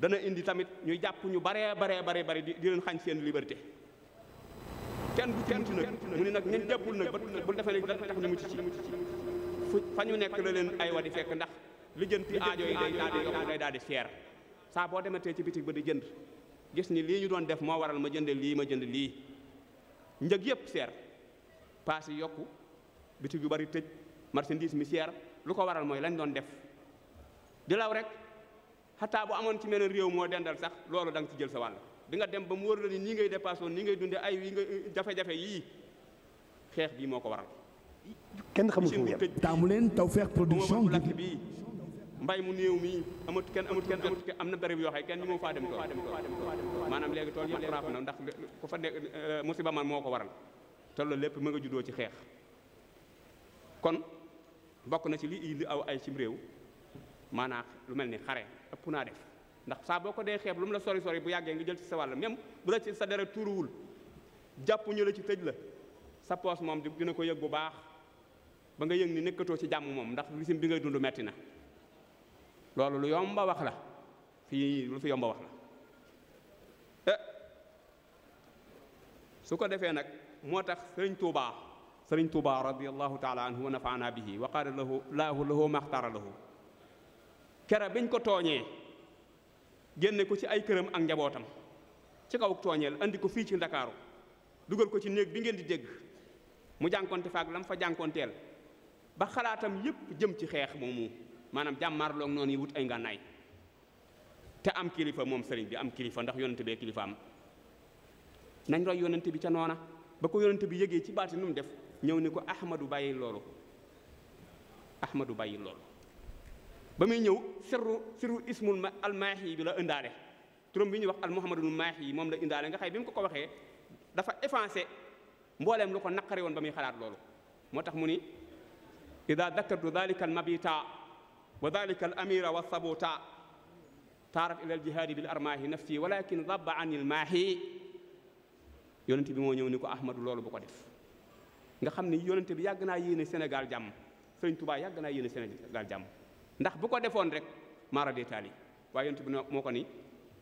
Speaker 2: dana indi tamit ñuy jàpp ñu baree baree bare bari di leen xañ seen liberté kenn du ci mucc nag mu ne nag ñun jàppul nag bu defee ne dara tax ñu mucc ci fu fa ñu nekk la leen ay wa di fekk ndax li jënti aajo yi day daal di daal di seer saa boo demee dematee ci bitig ba di jënd gis ni lii ñu doon def moo waral ma jënd lii ma jënd lii njëg yëpp seer paas yi yokku bitig yu bari tëj marchandise mi seer lu ko waral mooy lañ doon def di law rek xataa bu amoon ci meneen réew moo dendal sax loolu da nga ci jël sa wàll di nga dem ba mu wër la ni nii ngay dépassé woon nii ngay dunde ay yi nga jafe-jafe yii xeex bii moo ko waral.
Speaker 1: kenn xamul fu mu yem taamu leen Tawfekh production lakk
Speaker 2: bii mbay mu néew mii amut kenn amut kenn amut am na béréb yoo kenn ñu moo faa dem tool maanaam léegi tool yëpp raaf na ndax ku fa nekk euh, musiba man moo ko waral te loolu lépp mu nga juddoo ci xeex kon bokk na ci li li aw ay cim réew maanaam lu mel ni xare ëpp naa def ndax saa boo ko dee xeeb lu mu la sori sori bu yàggee nga jël ci sa wàll même bu la ci sa deret tuuruwul jàpp la ci tëj la sa poos moom dina ko yëg bu baax ba nga yëg ni nekkatoo ci jàmm moom ndax lisim bi ngay dund metti na loolu lu yomba wax la fii lu fi yomba wax la eh su ko defee nag moo tax sëriñ tuubaa sëriñ tuubaa radiallahu taala anhu wa nafaana bihi wa qaala lahu laahu lahu maxtaara lahu kera biñ ko tooñee génne ko ci ay këram ak njabootam ci kaw tooñeel indi ko fii ci ndakaaru dugal ko ci néeg bi ngeen di dégg mu jànkonte faak lam fa jànkoonteel ba xalaatam yépp jëm ci xeex moomu maanaam jàmmaarloog noonu yi wut ay ngànnaay te am kilifa moom sëriñ bi am kilifa ndax yonente bee kilifaam nañ roy yonente bi ca noona ba ko yonente bi yëgee ci baati nu mu def ñëw ni ko ahmadu bàyyi loolu ahmadu bàyyi loolu ba muy ñëw sirru sirru ismul ma almaahi bi la indaale turam bi ñuy wax al muhammadul maahi moom la indaale nga xay bi mu ko ko waxee dafa effacé mbooleem lu ko naqari woon ba muy xalaat loolu moo tax mu ni ida dakartu dalika almabita wa dalika al amira wa sabuta taaraf ila aljihaadi bil armaahi nafsi walakin dabba an il maahi yonent bi moo ñëw ni ko ahmadu loolu bu ko def nga xam ni yonent bi yàgg naa yéene senegal jàmm sëriñ Tuubaa yàgg naa yéene Sénégal jàmm ndax bu ko defoon rek maara detaali waaye yonent bi moo ko ni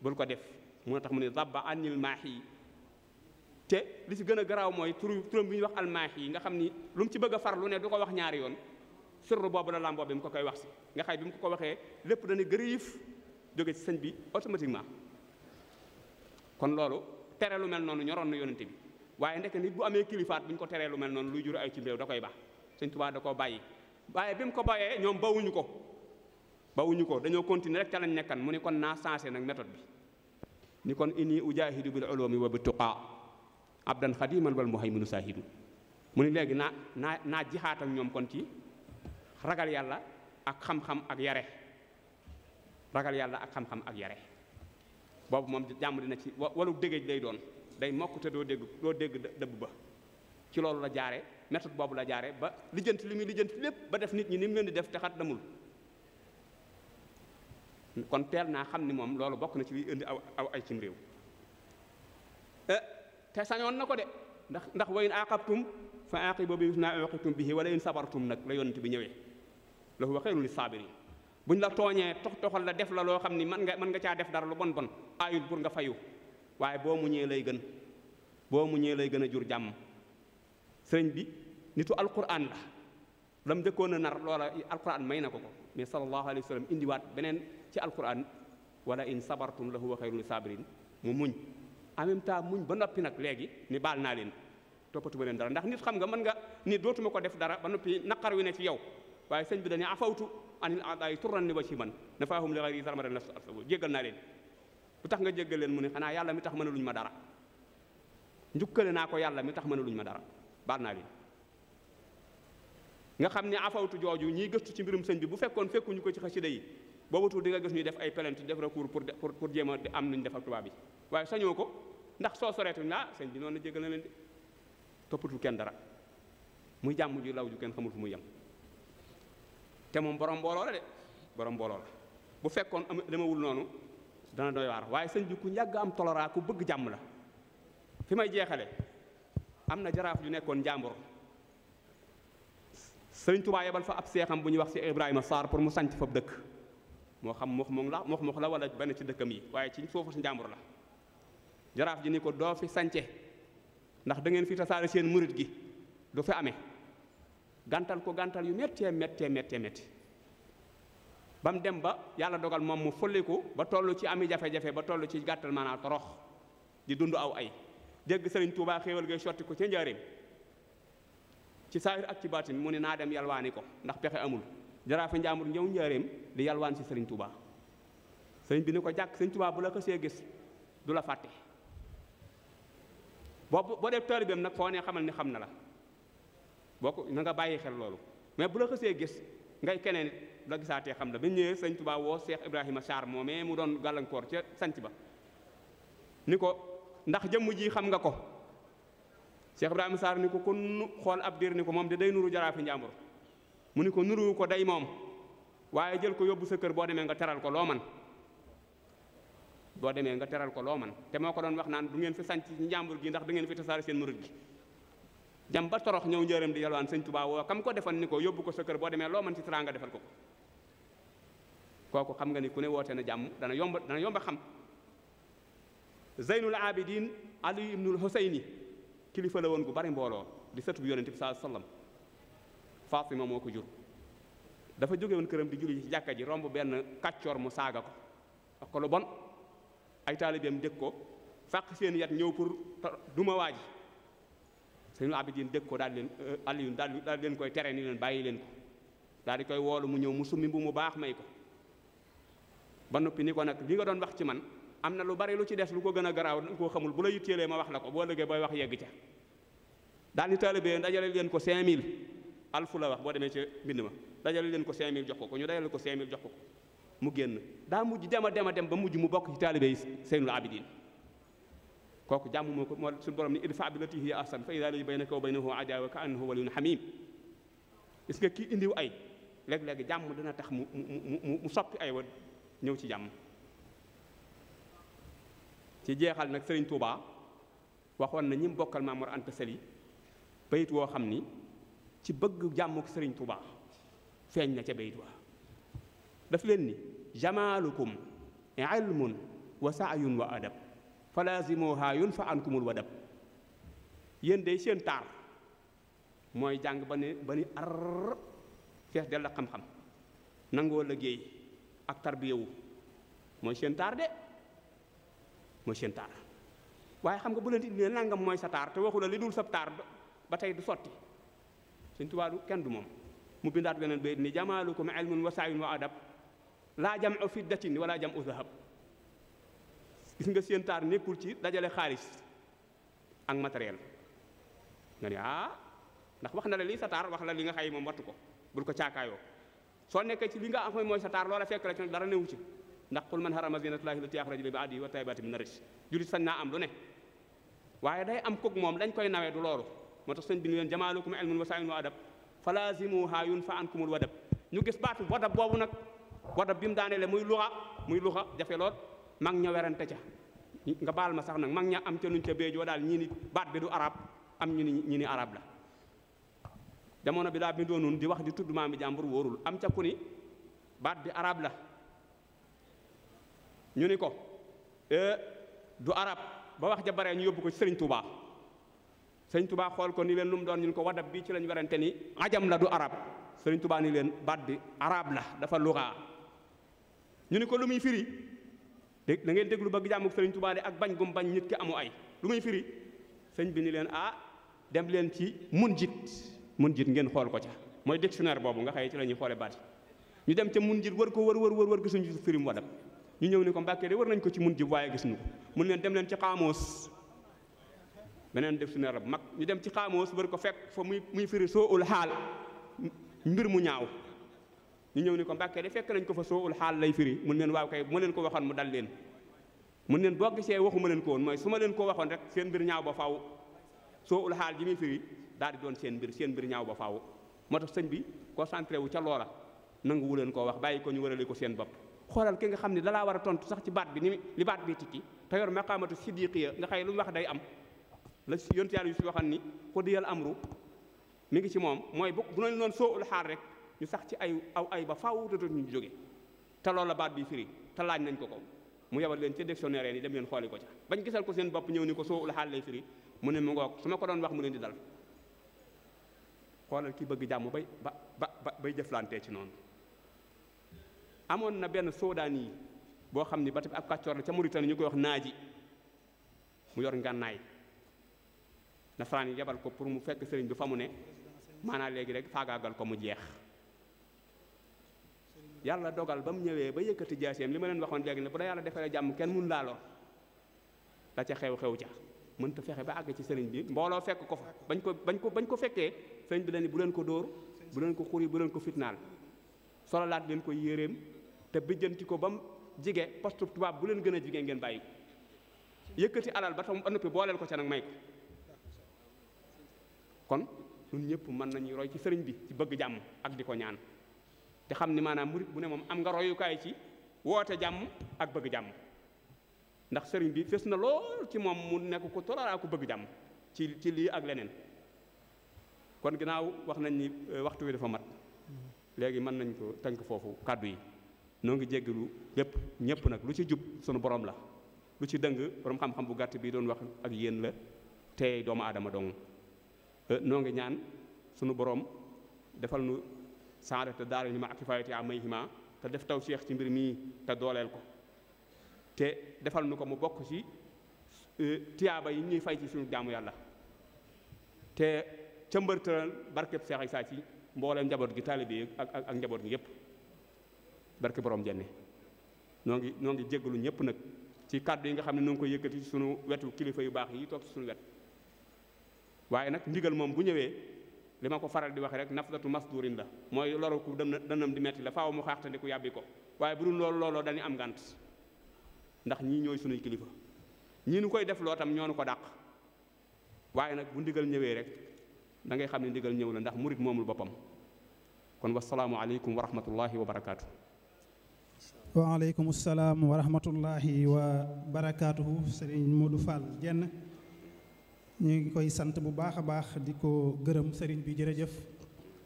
Speaker 2: bul ko def moo tax mu ne zabba anil maax yi te li ci gën a garaaw mooy turu turam bi ñuy wax almaax yi nga xam ni lu mu ci bëgg a far lu ne du ko wax ñaari yoon sirru boobu la làmboo bi mu ko koy wax si nga xay bi mu ko ko waxee lépp dana gërëyif jóge ci sëñ bi automatiquement kon loolu tere lu mel noonu ñoroon na yonent bi waaye ndekk nit bu amee kilifaat bu ñu ko teree lu mel noonu luy jur ay ci réew da koy baax sëñ Tuubaa da koo bàyyi waaye bi ko bàyyee ñoom bawuñu ko ñu ko dañoo continuer rek ca lañ nekkan mu ni kon naa changé nag méthode bi ni kon ini inni ujahidu bil mi wa bi tuqaa abdan xadiman wal muhayminu saahidu mu ni léegi naa naa naa jihaat ak ñoom kon ci ragal yàlla ak xam-xam ak yare ragal yàlla ak xam-xam ak yare boobu moom jàmm dina ci walu dégéej lay doon day mokk te doo dégg doo dégg dëbb ba ci loolu la jaare méthode boobu la jaare ba lijjanti li muy lijjanti lépp ba def nit ñi ni mu leen di def te damul kon teel naa xam ni moom loolu bokk na ci liy indi aw aw ay cim réew eh, te sañoon na ko de ndax ndax wa in aaqabtum fa aaqibu bi misla uqitum bihi wala in sabartum nag la yonent bi ñëwee la huwa xayrun lisaabirin buñ la tooñee tox toxal la def la loo xam ni mën nga mën nga caa def dara lu bon bon aayul pour nga fayu waaye boo mu ñee lay gën boo mu ñee lay gën a jur jàmm sëriñ bi nitu alquran la lam njëkkoon a nar loola alquran may na ko ko mais sallallahu alayhi wa sallam indiwaat beneen ci alquran wala in sabartum la huwa xayru li sabirin mu muñ en même muñ ba noppi nag léegi ni baal naa leen toppatuma leen dara ndax nit xam nga mën nga ni dootuma ko def dara ba noppi naqar wi ne ci yow waaye sëñ bi dañu afawtu anil aadaay turran ni wa ci man nafaahum li xayri sarmara nafs asabu jéggal naa leen lu tax nga jéggal leen mu ne xanaa yàlla mi tax mëna luñu ma dara njukkale naa ko yàlla mi tax mëna luñu ma dara baal naa nga xam ne afawtu jooju ñiy gëstu ci mbirum sëñ bi bu fekkoon fekku ñu ko ci xasida yi boobu tuuti di nga gis ñuy def ay plainte def recours pour pour jéem a am nañ def ak tubaab bi waaye sañoo ko ndax soo soreetuñ la sëñ bi noonu la jégal na leen di kenn dara muy jàmm ju law ju kenn xamul fu yem te moom borom mbooloo la borom mbooloo bu fekkoon am demewul noonu dana waaye sëñ bi ku am tolora bëgg jàmm la fi may jeexale am na jaraaf yu nekkoon njàmbur sëriñ Tuubaa yebal fa ab seexam bu ñuy wax si Ibrahima saar pour mu sanc fab dëkk moo xam mox moom la mox mox la wala benn ci dëkkam yi waaye ci foofu si njàmbur la jaraaf ji ni ko doo fi sance ndax da ngeen fi tasaare seen murit gi du fi ame gàntal ko gàntal yu méttee méttee méttee métti ba mu dem ba yàlla dogal moom mu folliku ba toll ci ami jafe-jafe ba toll ci gàttal maanaam torox di dund aw ay dégg sëriñ Tuubaa xéewal ngay sotti ko ca njaareem ci saahir ak ci baatin mu ne naa dem yalwaani ko ndax pexe amul fa njaamur ñëw njaareem di yalwaan si sëriñ Touba sëriñ bi ni ko jàkk sëriñ Touba bu la ko see gis du la fàtte boo boo def taalibeem nag foo ne xamal ni xam na la boo ko na nga bàyyi xel loolu mais bu la xësee gis ngay keneen it la gisaatee xam la ba ñëwee sëñ Tuubaa woo Cheikh Ibrahima Sarr moomee mu doon gàllankoor ca sanc ba ni ko ndax jëmm ji xam nga ko Cheikh Ibrahima saar ni ko ku xool ab diir ni ko moom de day nuru jaraafi njàmbur mu ni ko nuru ko day moom waaye jël ko yóbbu sa kër boo demee nga teral ko loo man boo demee nga teral ko loo man te moo ko doon wax naan du ngeen fi sanc ci njàmbur gi ndax du ngeen fi tasaare seen murid gi jam ba torox ñëw njëram di yalwaan sëñ Tuubaa woo kam ko defal ni ko yóbbu ko sa kër boo demee loo man ci teraanga defal ko kooku xam nga ni ku ne woote na jàmm dana yomb dana yomba xam zeynul abidin ali ibnul huseyni kilifa la woon gu bari mbooloo di sëtu bu yonent bi saa sallam Fatima moo ko jur dafa jóge woon këram di julli ci jàkka ji romb benn kàccoor mu saaga ko wax ko lu bon ay taalibeem dégg ko fàq seen yat ñëw pour duma waaj sëñ Abidin dégg ko daal leen euh, Alioune daal leen koy tere ni leen bàyyi leen ko daal di koy woolu mu ñëw mu summi mbu mu baax may ko ba noppi ni ko nag li nga doon wax ci man am na lu bari lu ci des lu ko gën a garaaw danga koo xamul bu la yitteelee ma wax la ko boo lëggee booy wax yegg ca daal ni taalibe dajale leen ko 5000 alfu la wax boo demee ca mbind ma dajale leen ko 5000 jox ko ko ñu dajale ko 5000 jox ko ko mu génn daa mujj dem a dem a dem ba mujj mu bokk ci taalibe yi Seynul Abidin kooku jàmm moo ko moo suñu borom ni idfa' billatii hiya ahsan fa idaa llazii baynaka wa baynahu adaawa ka annahu waliyyun hamiim gis nga kii indiw ay léeg-léeg jàmm dana tax mu mu mu soppi ay wa ñëw ci jàmm ci jeexal nag sëriñ Touba waxoon na ñi mu bokkal Maam Mor Anta Sali bayit woo xam ni ci bëgg jàmmuk sëriñ Touba feeñ na ca bayit wa daf leen ni jamaalukum ilmun wa saayun wa adab fa laazimooha yun fa ankumul wadab yéen day seen taar mooy jàng ba ne ba ni ar fees del la xam-xam nangoo liggéey ak tarbiyewu mooy seen taar de mooy seen taar waaye xam nga bu leen di nangam mooy sa taar te waxu la li dul sa taar ba tey du sotti Sëñ Tuubaa kenn du moom mu bindaat beneen bayit ni ko jamaalukum ilmun wa saayun wa adab laa jam'u fiddatin wala jam'u zahab gis nga seen taar nekkul ci dajale xaalis ak matériel nga ne ah ndax wax na la lii sa taar wax la li nga xay moom wattu ko bul ko caakaayoo soo nekkee ci li nga am mooy sa taar loola fekk la ci dara newu ci ndax xul man harama zinatullahi lati axraja li baadi wa tayyibati min rizq jullit sañ naa am lu ne waaye day am kook moom dañ koy nawee du loolu moo tax sëñ bi ñu leen jamaalukum ilmun wa sa'in wa adab falazimuha yunfa ankumul wadab ñu gis baatu wadab boobu nag wadab bi mu daaneele muy luxa muy luxa jafe lool mag ña werante ca nga baal ma sax nag mag ña am ca nuñ ca béejoo daal ñii ni baat bi du arab am ni ñi ni arab la jamono bi daa bindoo nun di wax di tudd maam bi jàmbur wóorul am ca ku ni baat bi arab la ñu ni ko eh, du arab ba wax ja bare ñu yóbbu ko sëriñ Touba sëriñ Touba xool ko nii leen lu mu doon ñu ni ko wadab bi ci lañ werante ni ajam la du arab sëriñ Touba ni leen baat bi arab la dafa luxaa ñu ni ko lu muy firi dégg na ngeen déglu bëgg jàmm ak sëriñ Touba de ak bañ gum bañ nit ki amu ay lu muy firi sëñ bi ni leen ah dem leen ci mun jit mun jit ngeen xool ko ca mooy dictionnaire boobu nga xëy ci la ñuy xoole baat yi ñu dem ca mun jit wër ko wër wër wër wër ko suñu firim ñu ñëw ni ko mbàkke de war nañ ko ci mun jib waaye gis ñu ko mun leen dem leen ci xaamoos beneen def si rab mag ñu dem ci xaamoos war ko fekk fa muy muy firi soo ul xaal mbir mu ñaaw ñu ñëw ni ko mbàkke de fekk nañ ko fa soo ul xaal lay firi mun neen waaw kay mu leen ko waxoon mu dal leen mun leen boo gisee waxuma leen ko woon mooy su ma leen ko waxoon rek seen mbir ñaaw ba faaw soo ul xaal ji muy firi daal di doon seen mbir seen mbir ñaaw ba faw moo tax sëñ bi concentré wu ca loola nangu wu leen koo wax bàyyi ko ñu warale ko seen bopp xoolal ki nga xam ne dalaa war a tontu sax ci baat bi ni li baat bi tikki te yor maqaamatu sidiqiya nga xëy lu mu wax day am la yontu yàlla yu si waxan ni am ru mi ngi ci moom mooy bu bu nañ noonu soo la xaar rek ñu sax ci ay aw ay ba faaw dootul ñu jóge te loolu la baat bi firi te laaj nañ ko ko mu yabal leen ca dictionnaire yi dem leen xooli ko ci bañ gisal ko seen bopp ñëw ni ko soo ul xaar lay firi mu ne mu ngoog su ko doon wax mu leen di dal xoolal ki bëgg jàmm bay ba ba bay jëflantee ci noonu amoon na benn soodaan yi boo xam ni ba tey ab kàccoor la ca Mauritanie ñu koy wax naaji mu yor ngànnaay nasaraan yi yebal ko pour mu fekk sëriñ bi fa mu ne maanaa léegi rek faagaagal ko mu jeex yàlla dogal ba mu ñëwee ba yëkkati jaaseem li ma leen waxoon léegi ne bu da yàlla defaree jàmm kenn mun laaloo la ca xew xew ca mënta fexe ba àgg ci sëriñ bi mbooloo fekk ko fa bañ ko bañ ko bañ ko fekkee sëriñ bi dañu bu leen ko dóor bu leen ko xuri bu leen ko fitnaal sololaat leen ko yéreem te bijjanti ko ba mu jige poste tubaab bu leen gën a jige ngeen bàyyi yëkkati alal ba tam ba noppi booleel ko ca nag may ko kon ñun ñëpp mën nañuy roy ci sëriñ bi ci bëgg jàmm ak di ko ñaan te xam ni maanaam murit bu ne moom am nga royukaay ci woote jàmm ak bëgg jàmm ndax sëriñ bi fes na lool ci moom mu nekk ku tollalaa bëgg jàmm ci ci lii ak leneen kon ginnaaw wax nañ ni euh, waxtu wi dafa mat mm-hmm. léegi mën nañ ko tënk foofu kàddu yi noo ngi jéggalu bépp ñëpp nag lu ci jub sunu borom la lu ci dëng borom xam-xam bu gàtt bii doon wax ak yéen la tey doomu aadama dong euh, noo ngi ñaan sunu boroom defal nu saadata daara ñu ma ak kifaayati a may hima te def taw seex ci mbir mii te dooleel ko te defal nu ko mu bokk ci euh, tiyaaba yi ñuy fay ci suñu jaamu yàlla te cëmbërtëral barkeb seex ak saa ci mbooleem njaboot gi taalibe ak ak njaboot gi yépp barke borom jenne noo ngi noo ngi jéggalu ñëpp nag ci kàddu yi nga xam ne noo ngi koy yëkkati sunu wetu kilifa yu baax yi toog ci suñu wet waaye nag ndigal moom bu ñëwee li ma ko faral di waxee rek nafdatu masdurin la mooy loru ku dana danam di metti la faaw mu xaaxtandiku yàbbi ko waaye bu dul loolu looloo dañu am ngànt ndax ñii ñooy sunuy kilifa ñii nu koy def loo tam nu ko dàq waaye nag bu ndigal ñëwee rek da ngay xam ne ndigal ñëw la ndax murit moomul boppam kon wasalaamu aleykum wa rahmatullahi wa barakaatu.
Speaker 3: waaleykum salaam wa rahmatullahi wa barakaatuhu sëriñ du Fall jenn ñu ngi koy sant bu baax a baax di ko gërëm sëriñ bi jërëjëf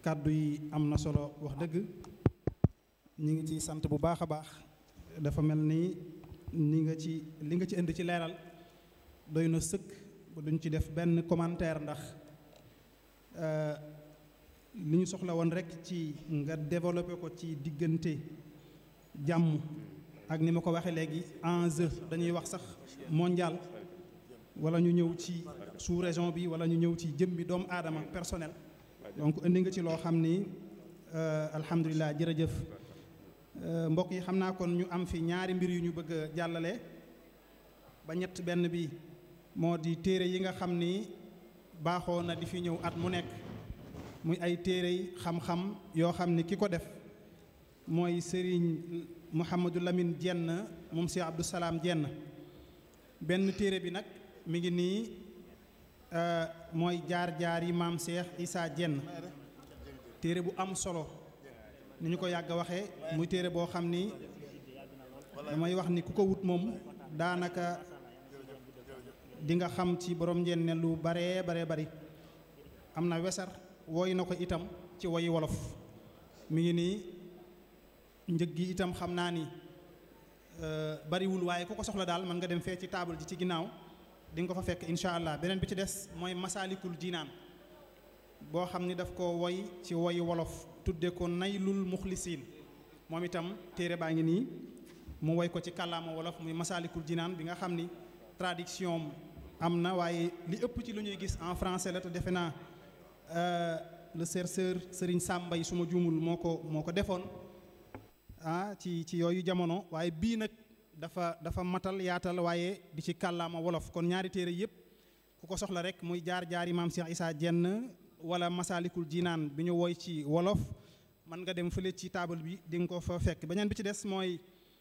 Speaker 3: kàddu yi am na solo wax dëgg ñu ngi ci sant bu baax a baax dafa mel ni ni nga ci li nga ci indi ci leeral doy na sëkk ba duñ ci def benn commentaire ndax euh, li ñu soxla woon rek ci nga développé ko ci diggante jàmm ak ni ma ko waxee léegi enjeu dañuy wax sax mondial wala ñu ñëw ci sous région bi wala ñu ñëw ci jëm bi doomu aadama personnel donc indi nga ci loo xam ni euh, alhamdulilah jërëjëf euh, mbokk yi xam naa kon ñu am fi ñaari mbir yu ñu bëgg jàllale ba ñett benn bi moo di téere yi nga xam ni baaxoo na di fi ñëw at mu nekk muy ay téere xam-xam yoo xam ni ki ko def mooy sëriñ Mouhamadou Lamine Jenn moom Cheikh Abdou Salaam Jenn benn téere bi nag mi ngi nii euh, mooy jaar-jaar yi maam Cheikh isaa Jenn téere bu am solo ni ñu ko yàgg a waxee muy téere boo xam ni damay wax ni ku ko wut moom daanaka di nga xam ci borom njenne lu baree bare bari am na wesar wooy na ko itam ci woyu wolof mi ngi nii njëg gi itam xam naa ni euh, bariwul waaye ku ko soxla daal mën nga dem fee ci taabal ji ci ginnaaw di nga ko fa fekk incha allah beneen bi ci des mooy masaalikul jinaan boo xam ni daf ko woy ci woy wolof tudde ko naylul muxlisiin moom itam téere baa ngi nii mu woy ko ci kàllaama wolof muy masaalikul jinaan bi nga xam ni traduction am na waaye li ëpp ci lu ñuy gis en français la te defe naa euh, le chercheur Serigne Sam Mbaye su ma juumul moo ko moo ko defoon Ah, ci ci yooyu jamono waaye bii nag dafa dafa matal yaatal waaye di ci kàllaama wolof kon ñaari téere yëpp ku ko soxla rek muy jaar jaari maam Cheikh Issa Diène wala Masaalikul Jinaan bi ñu woy ci wolof mën nga dem fële ci taabal bi di nga ko fa fekk beneen bi ci des mooy.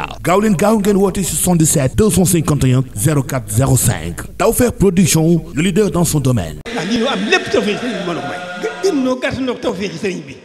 Speaker 1: Dakar gaaw leen gaaw ngeen woote 77 251 04 05 Tawfekh Production le leader dans son domaine. ndax ah, lii am lépp tawfeex sëriñ bi bi.